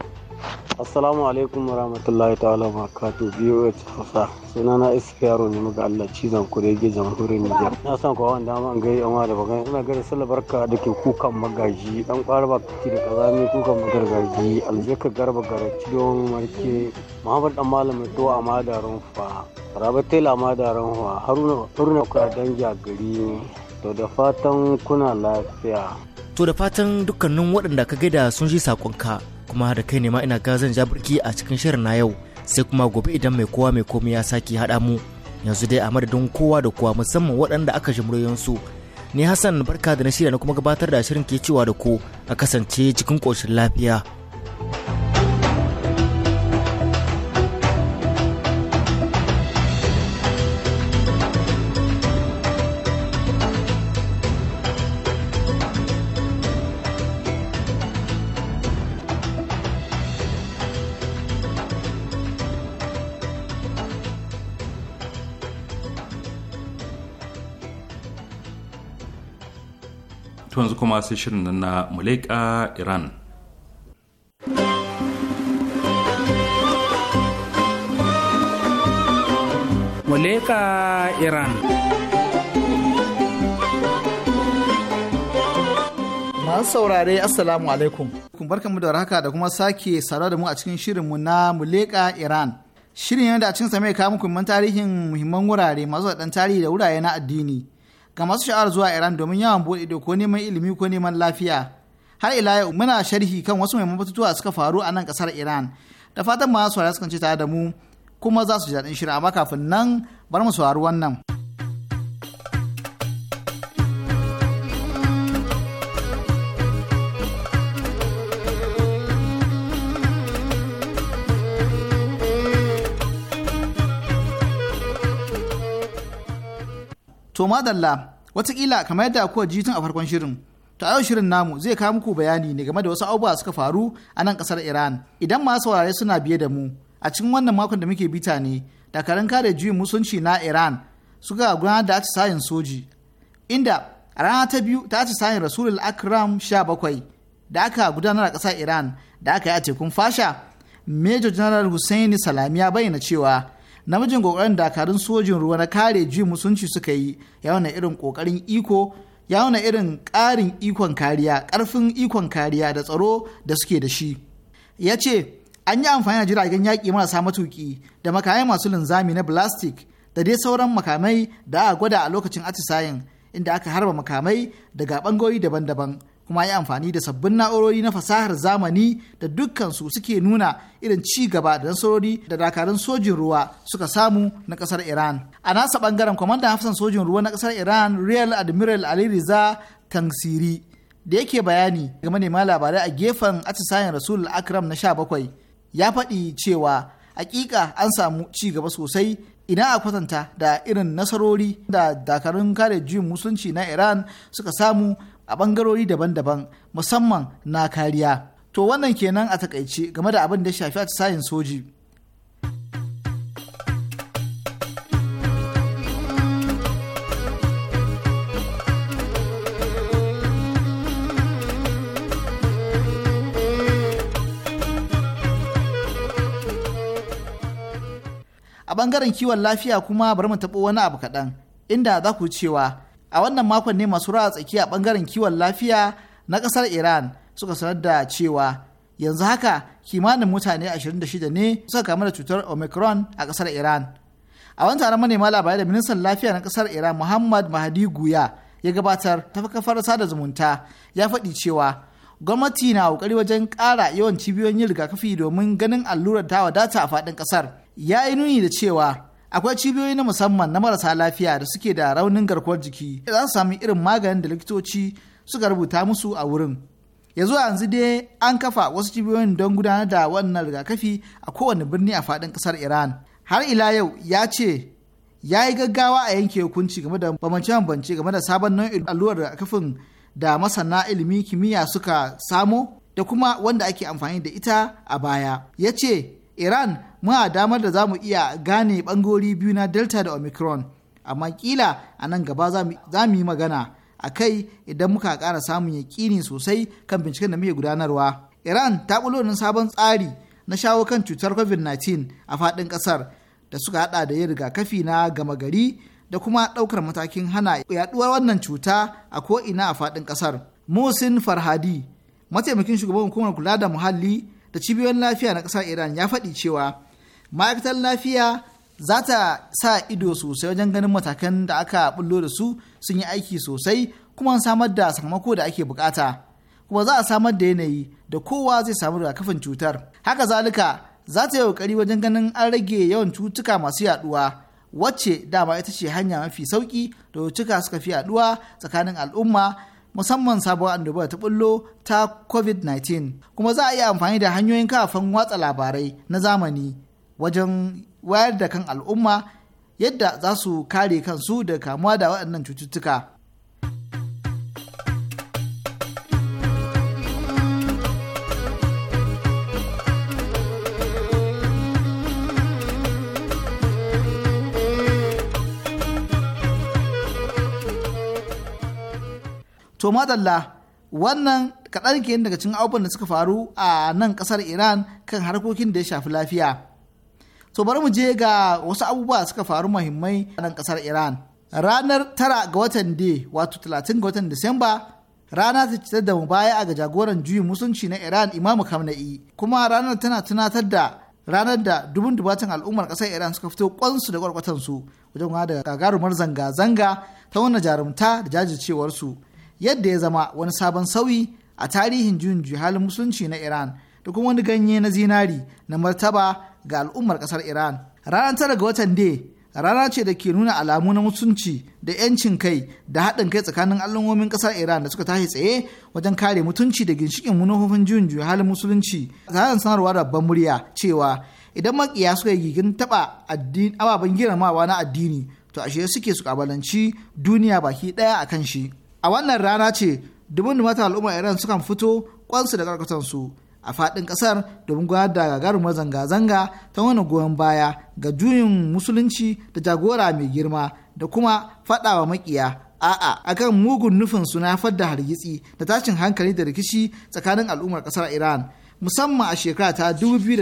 Speaker 6: Assalamu alaikum wa rahmatullahi ta'ala wa barakatu biyu hausa suna na iska yaro ne maga Allah cizon kurege jamhuriyar Nijar. Na san kowa wanda ma an gari an da bakan ina gari sallar barka da ke kukan magaji dan kwarba kiti da kaza mai kukan magargaji aljeka garba garaci don marke Muhammad dan malam to a madarin fa Rabat Tela madarin fa Haruna Haruna ka dangi a gari to da fatan kuna lafiya.
Speaker 4: To da fatan dukkanin waɗanda ka gaida sun ji saƙonka kuma da kai ne ma ina ga zan ja birki a cikin shirin na yau sai kuma gobe idan mai kowa mai komai ya sake haɗa mu yanzu dai a madadin kowa da kowa musamman waɗanda aka ji muryoyinsu ni Hassan barka da na shirya na kuma gabatar da shirin ke cewa da ku a kasance cikin ƙoshin lafiya.
Speaker 2: sai shirin nan na Muleka Iran. Muleka Iran.
Speaker 11: Masu saurare Assalamu alaikum. Kun barkanmu da haka da kuma sake saurara da mu a cikin shirinmu na Muleka Iran. Shirin yana da cin sa mai kawo muku tarihin muhimman wurare masu da tarihi da wurare na addini. ga masu sha'ar zuwa Iran domin yawan bude ido ko neman ilimi ko neman lafiya. Har ila yau muna sharhi kan wasu muhimman batutuwa suka faru a nan kasar Iran. Da fatan ma su su ce tare da mu kuma za su ji daɗin shirin amma kafin nan bar mu saurari wannan. To madalla watakila kamar yadda kuwa jitun a farkon shirin. To a yau shirin namu zai kawo muku bayani ne game da wasu abubuwa suka faru a nan kasar Iran. Idan masu saurare suna biye da mu a cikin wannan makon da muke bita ne dakarun kare juyin musunci na Iran suka gudanar da sayin soji inda a rana ta biyu ta sayin Rasulul Akram 17 da aka gudanar a kasar Iran da aka yi a tekun fasha Major General Hussein Salami ya bayyana cewa namijin kokarin dakarun sojin ruwa na kare ji musunci suka yi ya wani irin kokarin iko ya wani irin karin ikon kariya karfin ikon kariya da tsaro da suke da shi ya ce an yi amfani da jiragen yaƙi marasa matuki, da makamai masu linzami na plastic da dai sauran makamai da aka gwada a lokacin atisayen inda aka harba makamai daga ɓangarori daban-daban kuma yi amfani da sabbin na'urori na fasahar zamani da dukkansu suke nuna irin ci gaba da nasarori da dakarun sojin ruwa suka samu na kasar iran a nasa bangaren kwamandan hafsan sojin ruwa na kasar iran real admiral ali riza tangsiri da yake bayani ga manema labarai a gefen atisayen rasul akram na sha bakwai ya faɗi cewa hakika an samu ci gaba sosai ina a kwatanta da irin nasarori da dakarun kare juyin musulunci na iran suka samu a ɓangarori daban-daban musamman na kariya. To wannan kenan a takaice game da abin da ya shafi atisayin soji. a bangaren kiwon lafiya kuma bari mu taɓo wani abu kaɗan inda za ku cewa a wannan makon ne masu ra'a tsaki a bangaren kiwon lafiya na kasar iran suka sanar da cewa yanzu haka kimanin mutane 26 ne suka kamu da cutar omicron a kasar iran a wani taron manema labarai da ministan lafiya na kasar iran muhammad mahadi guya ya gabatar ta kafar sada zumunta ya faɗi cewa gwamnati na kokari wajen ƙara yawan cibiyoyin rigakafi domin ganin allurar ta wadata a faɗin ƙasar ya yi nuni da cewa akwai cibiyoyi na musamman na marasa lafiya da suke da raunin garkuwar jiki za su sami irin maganin da likitoci suka rubuta musu a wurin ya zuwa yanzu dai an kafa wasu cibiyoyin don gudanar da wannan rigakafi a kowane birni a faɗin ƙasar iran har ila yau ya ce ya yi gaggawa a yanke hukunci game da bambance-bambance game da sabon nau'in allurar rigakafin da masana ilimi kimiyya suka samo da kuma wanda ake amfani da ita a baya ya ce iran muna damar da za mu iya gane bangori biyu na delta da omicron amma kila a nan gaba za mu yi magana a kai idan muka ƙara samun yaƙini sosai kan binciken da muke gudanarwa iran ta wani sabon tsari na shawo kan cutar covid-19 a faɗin ƙasar da suka haɗa da yin rigakafi na gama gari da kuma ɗaukar matakin hana yaɗuwar wannan cuta a ko'ina a faɗin ƙasar musin farhadi mataimakin shugaban hukumar kula da muhalli da cibiyoyin lafiya na ƙasar iran ya faɗi cewa ma'aikatar lafiya za ta sa ido sosai wajen ganin matakan da aka bullo da su sun yi aiki sosai kuma samar da sakamako da ake bukata kuma za a samar da yanayi da kowa zai samu rigakafin cutar haka zalika za ta yi kokari wajen ganin an rage yawan cutuka masu yaduwa wacce dama ita ce hanya mafi sauki da cutuka suka fi yaduwa tsakanin al'umma musamman sabuwar annobar ta bullo ta covid-19 kuma za a iya amfani da hanyoyin kafin watsa labarai na zamani wajen wayar da kan al'umma yadda za su kare kansu da kamuwa da waɗannan cututtuka to madalla wannan kaɗan ke daga cikin abubuwan da suka faru a nan ƙasar iran kan harkokin da ya shafi lafiya to bari mu je ga wasu abubuwa suka faru muhimmai a nan ƙasar iran ranar tara ga watan de wato 30 ga watan disamba rana ta citar da mubaya ga jagoran juyin musulunci na iran imamu kamna'i kuma ranar tana tunatar da ranar da dubun dubatan al'ummar ƙasar iran suka fito kwansu da kwarkwatansu wajen da gagarumar zanga-zanga ta wannan jarumta da jajircewarsu yadda ya zama wani sabon sauyi a tarihin juyin halin musulunci na Iran da kuma wani ganye na zinari na martaba ga al'ummar kasar Iran. Ranar tara ga watan dai rana ce da ke nuna alamu na mutunci da 'yancin kai da haɗin kai tsakanin al'ummomin ƙasar Iran da suka tashi tsaye wajen kare mutunci da ginshikin munofofin juyin halin musulunci. sanarwa da babban murya cewa idan makiya suka yi gigin taɓa ababen girmamawa na addini to ashe suke su kabalanci duniya baki ɗaya a kan shi. a wannan rana ce dubin mata al'ummar iran sukan fito kwansu da karkatansu a faɗin kasar domin gudanar da gagarumar zanga-zanga ta wani goyon baya ga juyin musulunci da jagora mai girma da kuma faɗawa makiya a'a akan mugun nufin su na da hargitsi da tashin hankali da rikici tsakanin al'ummar ƙasar iran musamman a shekara ta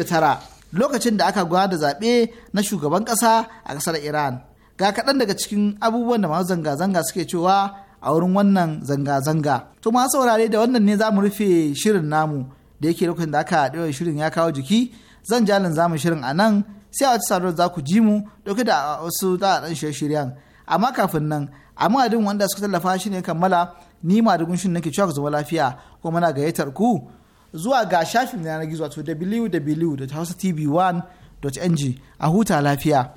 Speaker 11: tara, lokacin da aka gudanar da zaɓe na shugaban ƙasa a ƙasar iran ga kaɗan daga cikin abubuwan da masu zanga-zanga suke cewa a wurin wannan zanga-zanga. To ma saurare da wannan ne za mu rufe shirin namu da yake lokacin da aka ɗaura shirin ya kawo jiki zan jalin zamu shirin a nan sai a wata sadarwar za ku ji mu ɗauke da wasu da ɗan shirye-shiryen. Amma kafin nan a ma'adin wanda suka tallafa shi ne kammala ni ma da gunshin nake cewa zama lafiya kuma muna gayyatar ku zuwa ga shafin yanar gizo wato www.hausatv1.ng a huta lafiya.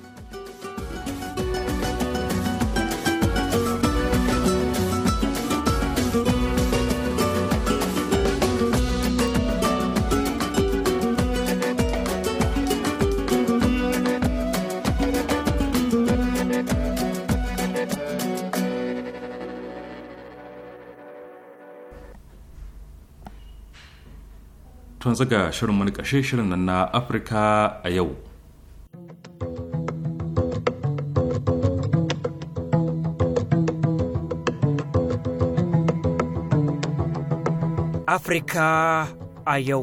Speaker 2: tun zaga shirin mani kashe shirin nan na afirka a yau
Speaker 4: afirka a yau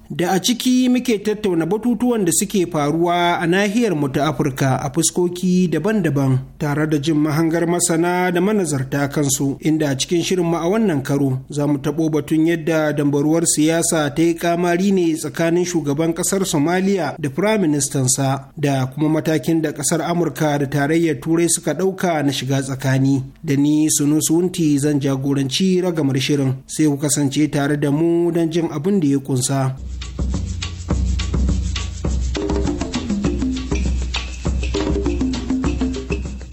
Speaker 3: da a ciki muke tattauna batutuwan da suke faruwa a nahiyar mu ta Afirka a fuskoki daban-daban tare da jin mahangar masana da manazarta kansu inda a cikin shirin mu a wannan karo za mu taɓo batun yadda dambaruwar siyasa ta yi kamari ne tsakanin shugaban ƙasar Somaliya da sa da kuma matakin da ƙasar Amurka da tarayyar Turai suka ɗauka na shiga tsakani da ni wunti zan jagoranci ragamar shirin sai ku kasance tare da mu don jin abin da ya kunsa.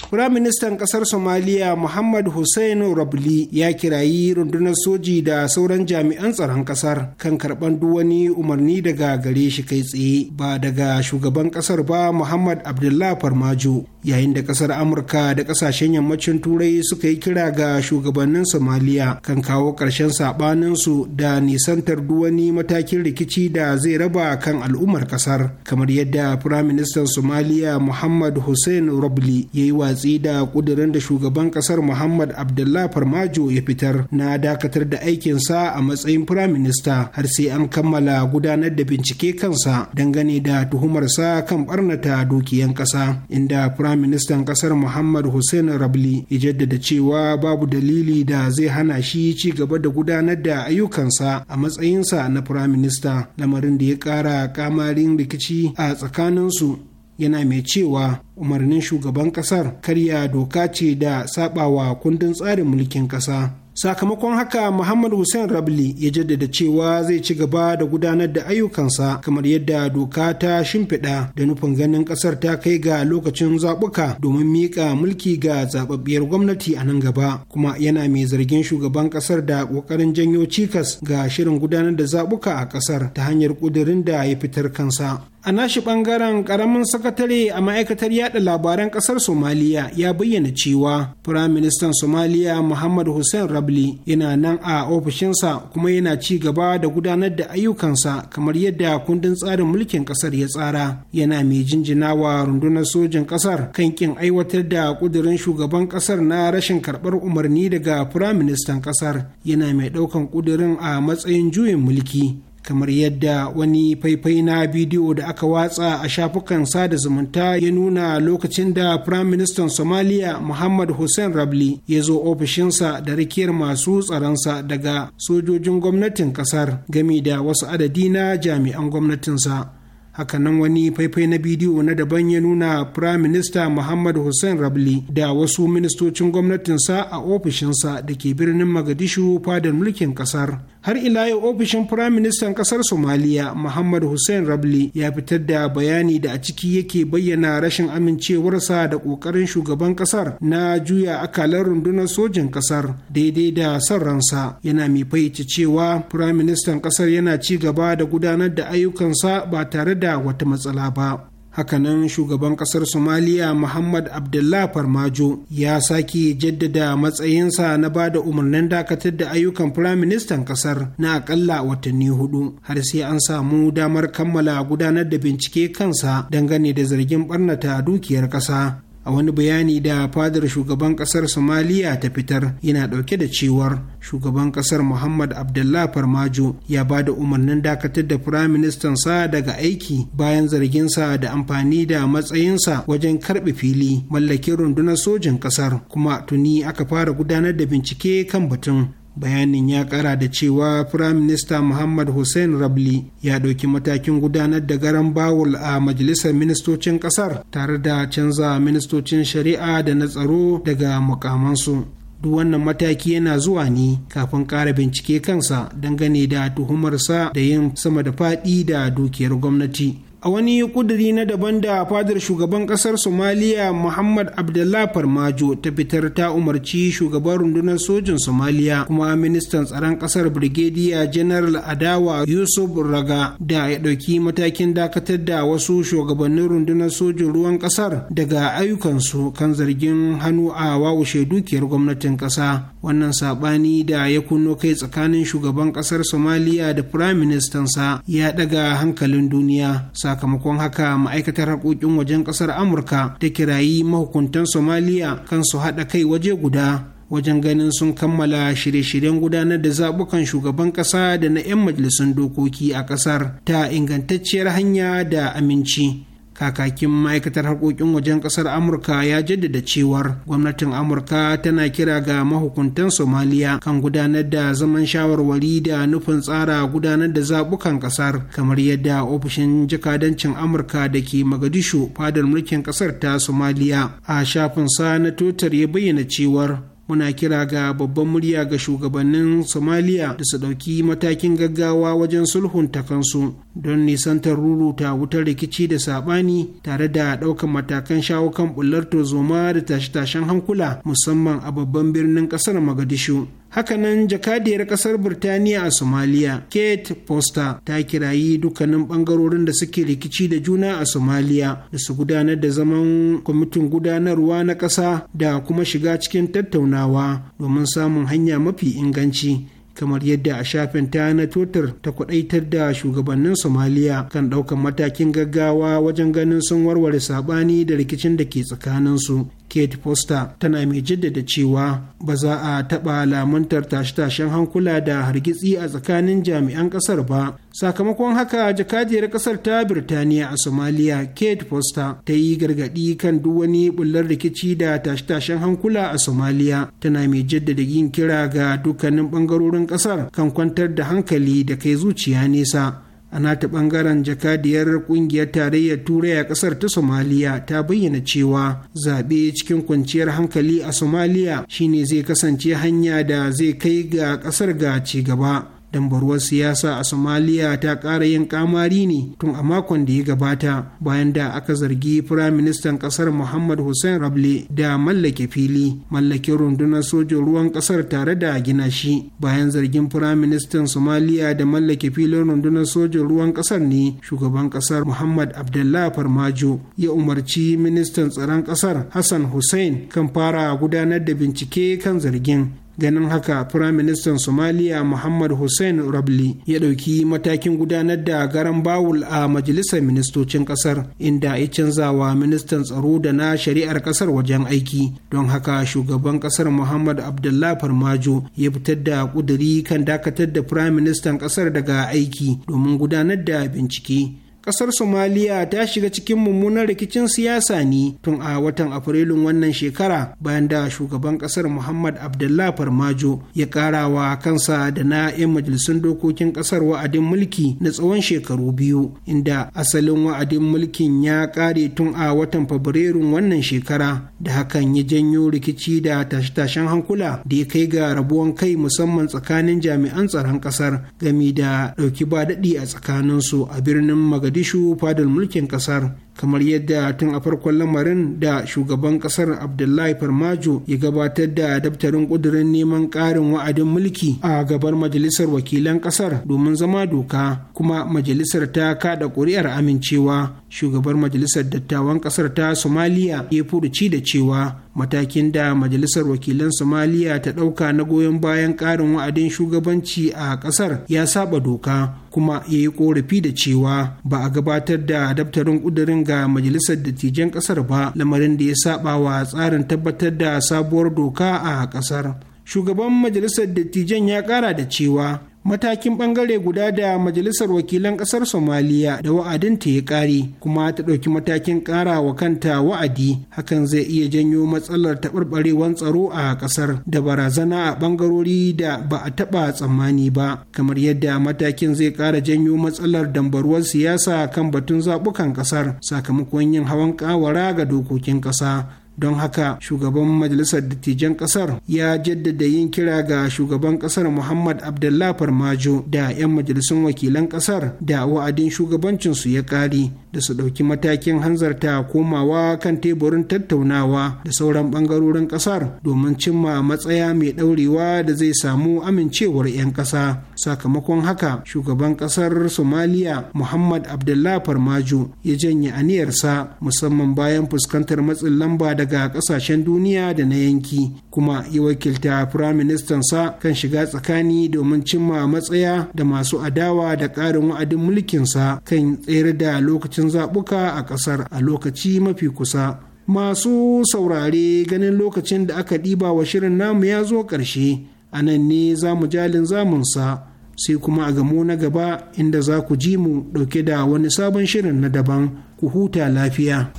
Speaker 3: Firaministan ƙasar Somaliya Muhammad Hussein Rabli ya kirayi rundunar soji da sauran jami'an tsaron ƙasar kan karɓan duwani umarni daga gare shi kai tsaye ba daga shugaban ƙasar ba Muhammad Abdullah Farmajo yayin da ƙasar Amurka da ƙasashen yammacin Turai suka yi kira ga shugabannin Somaliya kan kawo ƙarshen saɓaninsu da nisantar duwani matakin rikici da zai raba kan al'ummar ƙasar kamar yadda Firaministan Somaliya Muhammad Hussein Rabli ya yi watsi watsi da kudirin da shugaban kasar muhammad abdullah farmajo ya fitar na dakatar da aikinsa a matsayin firaminista har sai an kammala gudanar da bincike kansa dangane da tuhumarsa kan barnata dukiyan kasa inda firaministan kasar muhammad hussein rabli ya jaddada cewa babu dalili da zai hana shi ci gaba da gudanar da ayyukansa a matsayinsa na firaminista lamarin da ya kara kamarin rikici a tsakaninsu yana mai cewa umarnin shugaban kasar karya doka ce da sabawa kundin tsarin mulkin kasa sakamakon haka muhammad hussein rabli ya jaddada cewa zai ci gaba da gudanar da ayyukansa kamar yadda doka ta shimfiɗa da nufin ganin ƙasar ta kai ga lokacin zaɓuka domin miƙa mulki ga zaɓaɓɓiyar gwamnati a nan gaba kuma yana mai zargin shugaban ƙasar da ƙoƙarin janyo cikas ga shirin gudanar da zaɓuka a ƙasar ta hanyar ƙudurin da ya fitar kansa a nashi bangaren karamin sakatare a ma'aikatar yada labaran kasar somaliya ya bayyana cewa firaministan somaliya muhammad hussein rabli yana nan a ofishinsa kuma yana ci gaba da gudanar da ayyukansa kamar yadda kundin tsarin mulkin kasar ya tsara yana mai jinjina wa rundunar sojin kasar kan kin aiwatar da kudirin shugaban kasar na rashin karbar umarni daga firaministan kasar yana mai daukan kudirin a matsayin juyin mulki kamar yadda wani faifai na bidiyo da aka watsa a shafukan sada zumunta ya nuna lokacin da firaministan somaliya muhammad hussein rabli ya zo ofishinsa da rikiyar masu tsaronsa daga sojojin gwamnatin kasar gami da wasu adadi na jami'an gwamnatinsa hakanan wani faifai na bidiyo na daban ya nuna prime muhammad hussein rabli da wasu ministocin gwamnatinsa a ofishinsa da ke birnin magadishu fadar mulkin kasar har ila yau ofishin firayim ministan kasar somaliya muhammad hussein rabli ya fitar da bayani da a ciki yake bayyana rashin amincewarsa da kokarin shugaban kasar na juya akalar rundunar sojin kasar daidai da son ransa yana mai fahimci cewa firayim ministan kasar yana ci gaba da gudanar da ayyukansa ba tare da wata matsala ba hakanan shugaban kasar somaliya muhammad abdullah farmajo ya sake jaddada matsayinsa na ba da umarnin dakatar da ayyukan firaministan kasar na akalla watanni hudu har sai an samu damar kammala gudanar da bincike kansa dangane da zargin barnata dukiyar kasa a wani bayani da fadar shugaban kasar somaliya ta fitar yana dauke da cewar shugaban kasar muhammad abdullah farmajo ya ba da umarnin dakatar da firayim sa daga aiki bayan zarginsa da amfani da matsayinsa wajen karbe fili mallakin rundunar sojin kasar kuma tuni aka fara gudanar da bincike kan batun bayanin ya kara da cewa firayim minista muhammad hussein rabli ya ɗauki matakin gudanar da garan bawul a majalisar ministocin ƙasar tare da canza ministocin shari'a da na tsaro daga mukamansu duk wannan mataki yana zuwa ne kafin ƙara bincike kansa dangane da tuhumarsa da yin sama da faɗi da dukiyar gwamnati a wani kuduri na daban da fadar shugaban kasar somaliya muhammad abdullah farmajo ta fitar ta umarci shugaban rundunar sojin somaliya kuma ministan tsaron kasar brigadier general adawa yusuf raga da ya ɗauki matakin dakatar da wasu shugabannin rundunar sojin ruwan kasar daga ayyukansu kan zargin hannu a wawushe dukiyar gwamnatin kasa wannan saɓani da ya kunno kai tsakanin shugaban kasar somaliya da firayim ministansa ya ɗaga hankalin duniya sakamakon haka ma'aikatar harkokin wajen kasar amurka ta kirayi mahukuntan somaliya kan su haɗa kai waje guda wajen ganin sun kammala shirye-shiryen gudanar da zaɓukan shugaban ƙasa da na 'yan majalisun dokoki a ƙasar ta ingantacciyar hanya da aminci kakakin ma'aikatar harkokin wajen kasar amurka ya jaddada cewar gwamnatin amurka tana kira ga mahukuntan somaliya kan gudanar da zaman shawarwari da nufin tsara gudanar da zabukan kasar kamar yadda ofishin jakadancin amurka da ke magadishu fadar mulkin kasar ta somaliya a shafin sa na totar ya bayyana cewar muna kira ga babban murya ga shugabannin somaliya da su ɗauki matakin gaggawa wajen sulhunta kansu don nisan nisantar ruruta wutar rikici da saɓani tare da ɗaukan matakan shawo kan bullar tozoma da tashe-tashen hankula musamman a babban birnin ƙasar magadishu hakanan jakadiyar kasar birtaniya a somalia kate foster ta kirayi dukkanin bangarorin da suke rikici da juna a somalia da su gudanar da zaman kwamitin gudanarwa na ƙasa da kuma shiga cikin tattaunawa domin samun hanya mafi inganci kamar yadda a shafin ta na twitter ta kwadaitar da shugabannin somaliya kan daukan matakin gaggawa wajen ganin sun warware sabani da rikicin da ke tsakanin su. Kate Foster tana mai jaddada cewa ba za a taɓa lamuntar tashe-tashen hankula da hargitsi a tsakanin jami'an ƙasar ba. Sakamakon haka jakadiyar ƙasar ta Birtaniya a Somalia Kate Foster ta yi gargaɗi kan duk wani bullar rikici da tashe-tashen hankula a Somalia tana mai jaddada yin kira ga dukkanin ɓangarorin ƙasar kan kwantar da hankali da kai zuciya nesa. a nata bangaren jakadiyar kungiyar tarayyar turai a kasar ta somaliya ta bayyana cewa zaɓe cikin kwanciyar hankali a somaliya shine zai kasance hanya da zai kai ga kasar ga cigaba. dambarwar siyasa a somaliya ta ƙara yin kamari ne tun a makon da ya gabata bayan da aka zargi firaministan ƙasar muhammad hussein rable da mallake fili mallake rundunar sojin ruwan ƙasar tare da gina shi bayan zargin firaministan somaliya da mallake filin rundunar sojin ruwan ƙasar ne shugaban ƙasar muhammad abdullah farmajo ya umarci ministan tsaron ƙasar hassan hussein kan fara gudanar da bincike kan zargin ganin haka firaministan somaliya muhammad hussein rabli ya ɗauki matakin gudanar da garan bawul a majalisar ministocin ƙasar inda ya canzawa ministan tsaro da na shari'ar ƙasar wajen aiki don haka shugaban ƙasar muhammad abdullah farmajo ya fitar da ƙuduri kan dakatar da firaministan ƙasar daga aiki domin gudanar da bincike kasar somaliya ta shiga cikin mummunan rikicin siyasa ne tun a watan afrilun wannan shekara bayan da shugaban kasar muhammad abdullah farmajo ya karawa kansa da na 'yan majalisun dokokin kasar wa'adin mulki na tsawon shekaru biyu inda asalin wa'adin mulkin ya kare tun a watan fabrairun wannan shekara da hakan ya janyo rikici da tashe-tashen hankula da ya kai ga rabuwan kai musamman tsakanin jami'an tsaron kasar gami da dauki ba daɗi a tsakaninsu a birnin magadi mogadishu fadar mulkin kasar kamar yadda tun a farkon lamarin da shugaban kasar abdullahi farmajo ya gabatar da daftarin ƙudirin neman ƙarin wa'adin mulki a gabar majalisar wakilan kasar domin zama doka kuma majalisar ta kada ƙuri'ar amincewa shugabar majalisar dattawan kasar ta somaliya ya furuci da cewa matakin da majalisar wakilan somaliya ta ɗauka na goyon bayan ƙarin wa'adin shugabanci a ƙasar ya saba doka kuma ya yi ƙorafi da cewa ba a gabatar da daftarin ƙudurin ga majalisar dattijan kasar ba lamarin da ya saba wa tsarin tabbatar da sabuwar doka a kasar shugaban majalisar dattijan ya kara da cewa matakin bangare guda da majalisar wakilan kasar somaliya da wa'adin ta ya kare kuma ta ɗauki matakin ƙara wa kanta wa'adi hakan zai iya janyo matsalar taɓarɓarewar tsaro a ƙasar da barazana a ɓangarori da ba a taɓa tsammani ba kamar yadda matakin zai ƙara janyo matsalar dambaruwar siyasa kan batun zaɓukan ƙasar sakamakon yin hawan ƙawara ga dokokin ƙasa don haka shugaban majalisar dattijan kasar ya jaddada yin kira ga shugaban kasar muhammad abdullah farmajo da 'yan majalisun wakilan kasar da wa'adin shugabancinsu ya kare da su ɗauki matakin hanzarta komawa kan teburin tattaunawa da sauran ɓangarorin ƙasar domin cimma matsaya mai ɗaurewa da zai samu amincewar 'yan ƙasa sakamakon haka shugaban ƙasar somaliya muhammad abdullah farmajo ya janye aniyarsa musamman bayan fuskantar matsin lamba daga daga kasashen duniya da na yanki kuma ya wakilta firaministansa kan shiga tsakani domin cimma matsaya da masu adawa da ƙarin wa'adin mulkinsa kan tsayar da lokacin zaɓuka a ƙasar a lokaci mafi kusa masu saurare ganin lokacin da aka ɗiba wa shirin namu ya zo ƙarshe a nan ne za mu jalin zamunsa sai kuma a gamo na gaba inda za ku ji mu ɗauke da wani sabon shirin na daban ku huta lafiya.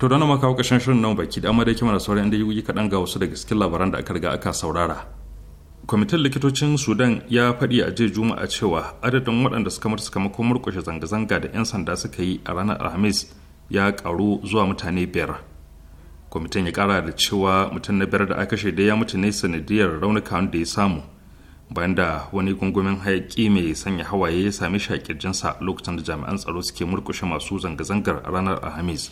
Speaker 2: to don ma kawo ƙarshen shirin nan baki da amma dai sauran inda yi kaɗan ga wasu daga cikin labaran da aka riga aka saurara kwamitin likitocin sudan ya faɗi a jiya juma'a cewa adadin waɗanda suka mutu sakamakon murƙushe zanga-zanga da 'yan sanda suka yi a ranar alhamis ya ƙaru zuwa mutane biyar kwamitin ya ƙara da cewa mutum na biyar da aka shaida ya mutu ne sanadiyar raunuka da ya samu bayan da wani gungumin hayaƙi mai sanya hawaye ya sami shaƙirjinsa lokacin da jami'an tsaro suke murƙushe masu zanga-zangar a ranar alhamis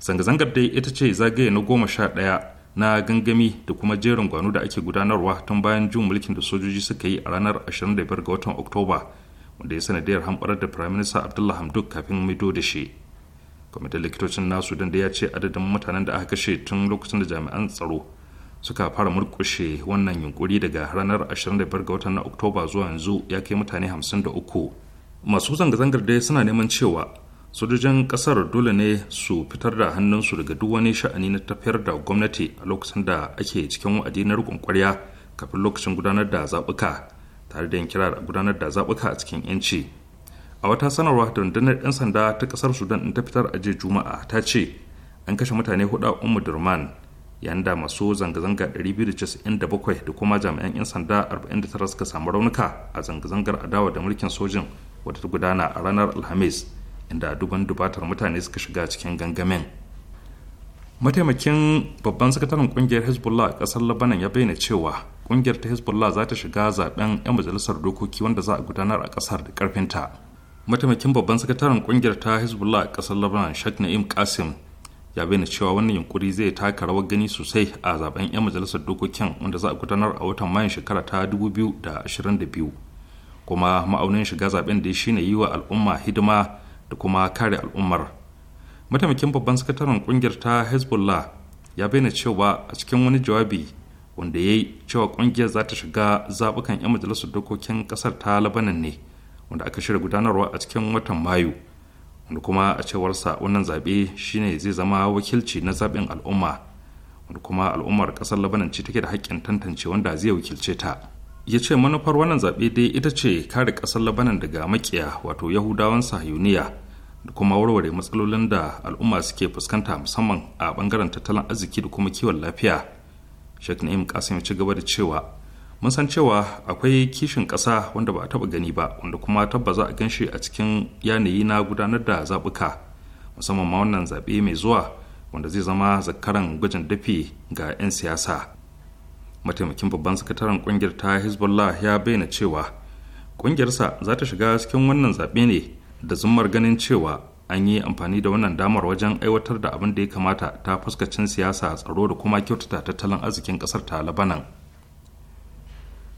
Speaker 2: zanga-zangar dai ita ce zagaye na goma sha ɗaya na gangami da kuma jerin gwano da ake gudanarwa tun bayan jin mulkin da sojoji suka yi a ranar 25 ga watan oktoba wanda ya sanadiyar hamɓarar da firayim minista abdullah hamduk kafin maido da shi kwamitin likitocin na sudan da ya ce adadin mutanen da aka kashe tun lokacin da jami'an tsaro suka fara murkushe wannan yunkuri daga ranar 25 ga watan oktoba zuwa yanzu ya kai mutane 53 masu zanga-zangar dai suna neman cewa sojojin kasar dole ne su fitar da hannunsu daga duk wani sha'ani na tafiyar da gwamnati a lokacin da ake cikin wa'adi na rukun kwarya kafin lokacin gudanar da zabuka tare da yin kira da gudanar da zabuka a cikin yanci a wata sanarwa da rundunar 'yan sanda ta kasar sudan ta fitar a jiya juma'a ta ce an kashe mutane hudu a umar durman yayin da masu zanga-zanga 297 da kuma jami'an 'yan sanda 49 suka samu raunuka a zanga-zangar adawa da mulkin sojin wadda ta gudana a ranar alhamis inda duban dubatar mutane suka shiga cikin gangamin mataimakin babban sakataren kungiyar hezbollah a kasar labanan ya bayyana cewa kungiyar ta hezbollah za ta shiga zaben 'yan majalisar dokoki wanda za a gudanar a kasar da karfinta mataimakin babban sakataren kungiyar ta hezbollah a kasar labanan shak na'im kasim ya bayyana cewa wannan yunkuri zai taka rawar gani sosai a zaben 'yan majalisar dokokin wanda za a gudanar a watan mayan shekara ta 2022 kuma ma'aunin shiga zaben da shi shine yi wa al'umma hidima da kuma kare al'ummar mataimakin babban sakataren kungiyar ta hezbollah ya bayyana cewa a cikin wani jawabi wanda ya yi cewa kungiyar za ta shiga zaɓukan 'yan majalisar dokokin ƙasar ta labanan ne wanda aka shirya gudanarwa a cikin watan mayu wanda kuma a cewarsa wannan zaɓe shine zai zama wakilci na zaɓin al'umma wanda kuma al'ummar ƙasar labanan ce take da haƙƙin tantance wanda zai wakilce ta ya ce manufar wannan zaɓe dai ita ce kare ƙasar labanan daga makiya wato yahudawan sahiyuniya da kuma warware matsalolin da al'umma suke fuskanta musamman a ɓangaren tattalin arziki da kuma kiwon lafiya sheikh na'im kasim ya ci gaba da cewa mun san cewa akwai kishin ƙasa wanda ba a taɓa gani ba wanda kuma tabba za a gan shi a cikin yanayi na gudanar da zaɓuka musamman ma wannan zaɓe mai zuwa wanda zai zama zakaran gwajin dafi ga 'yan siyasa mataimakin babban sakataren kungiyar ta hezbollah ya bayyana cewa kungiyarsa za ta shiga cikin wannan zaɓe ne da zummar ganin cewa an yi amfani da wannan damar wajen aiwatar da abin da ya kamata ta fuskacin siyasa tsaro da kuma kyautata tattalin arzikin ƙasar ta labanan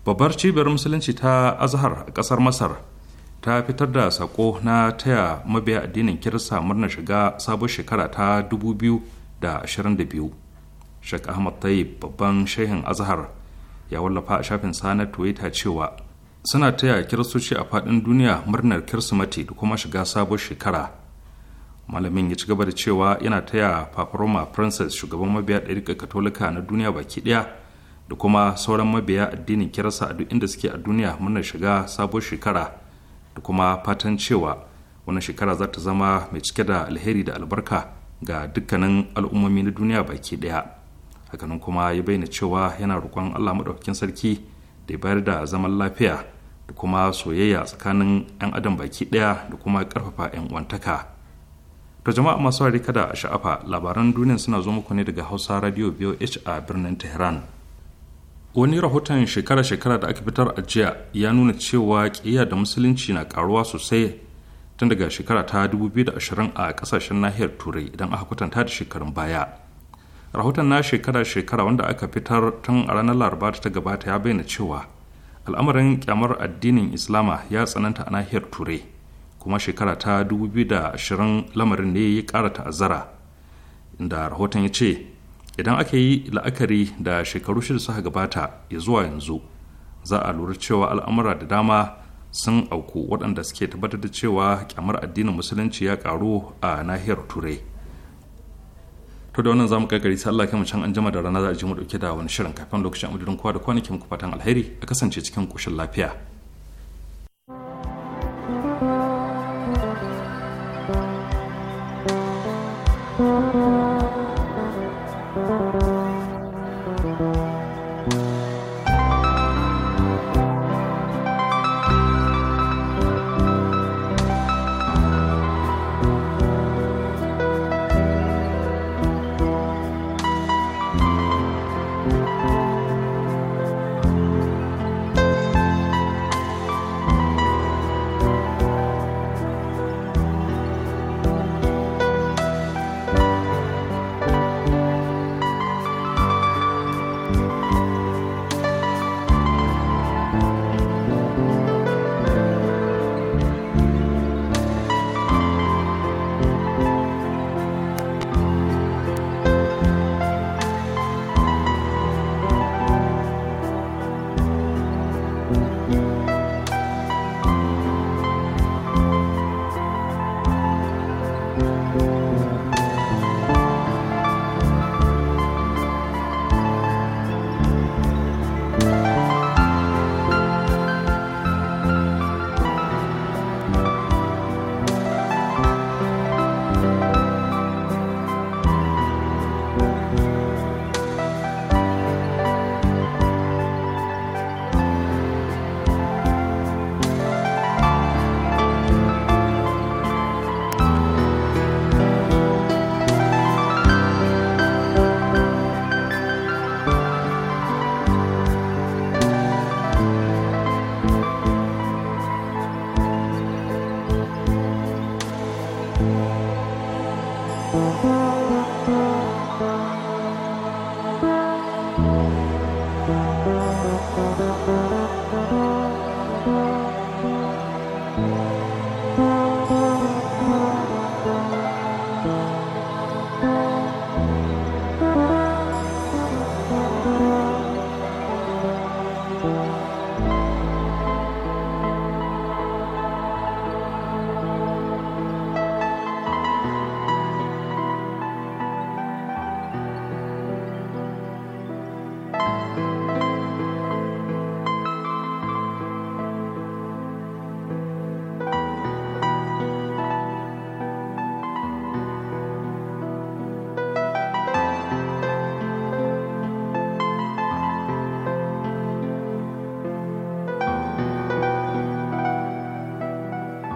Speaker 2: babbar cibiyar musulunci ta azhar a ƙasar masar ta fitar da sako na taya mabiya addinin kirista murnar shiga sabon shekara ta 2022 Sheikh Ahmad Tayyib babban shehin Azhar ya wallafa a shafin sa na Twitter cewa suna taya kiristoci a faɗin duniya murnar kirsimati da kuma shiga sabon shekara malamin ya ci gaba da cewa yana taya Roma princess shugaban mabiya ɗarika katolika na duniya baki ɗaya da kuma sauran mabiya addinin kirasa a duk inda suke a duniya murnar shiga sabon shekara da kuma fatan cewa wannan shekara za ta zama mai cike da alheri da albarka ga dukkanin al'ummomi na duniya baki ɗaya hakanan kuma ya bayyana cewa yana roƙon allah maɗaukakin sarki da bayar da zaman lafiya da kuma soyayya tsakanin 'yan adam baki ɗaya da kuma ƙarfafa 'yan uwantaka to jama'a masu hari kada a sha'afa labaran duniya suna zo muku ne daga hausa radio BOH a birnin tehran wani rahoton shekara-shekara da aka fitar a jiya ya nuna cewa ƙiyya da musulunci na karuwa sosai tun daga shekara ta 2020 a ƙasashen nahiyar turai idan aka kwatanta da shekarun baya rahoton na shekara-shekara wanda aka fitar tun a ranar laraba ta gabata ya bayyana cewa al'amarin kyamar addinin islama ya tsananta a nahiyar turai kuma shekara ta 2020 lamarin ne ya kara ta'azzara inda rahoton ya ce idan aka yi la'akari da shekaru shida suka gabata ya zuwa yanzu za a lura cewa al'amura da dama sun auku waɗanda suke tabbatar da cewa kyamar addinin musulunci ya karu a nahiyar turai to da wannan zamu kai sai Allah mu can an jima da rana za a ji mu dauke da wani shirin kafin lokacin amudurin kowa da kwanakin ku fatan alheri a kasance cikin koshin lafiya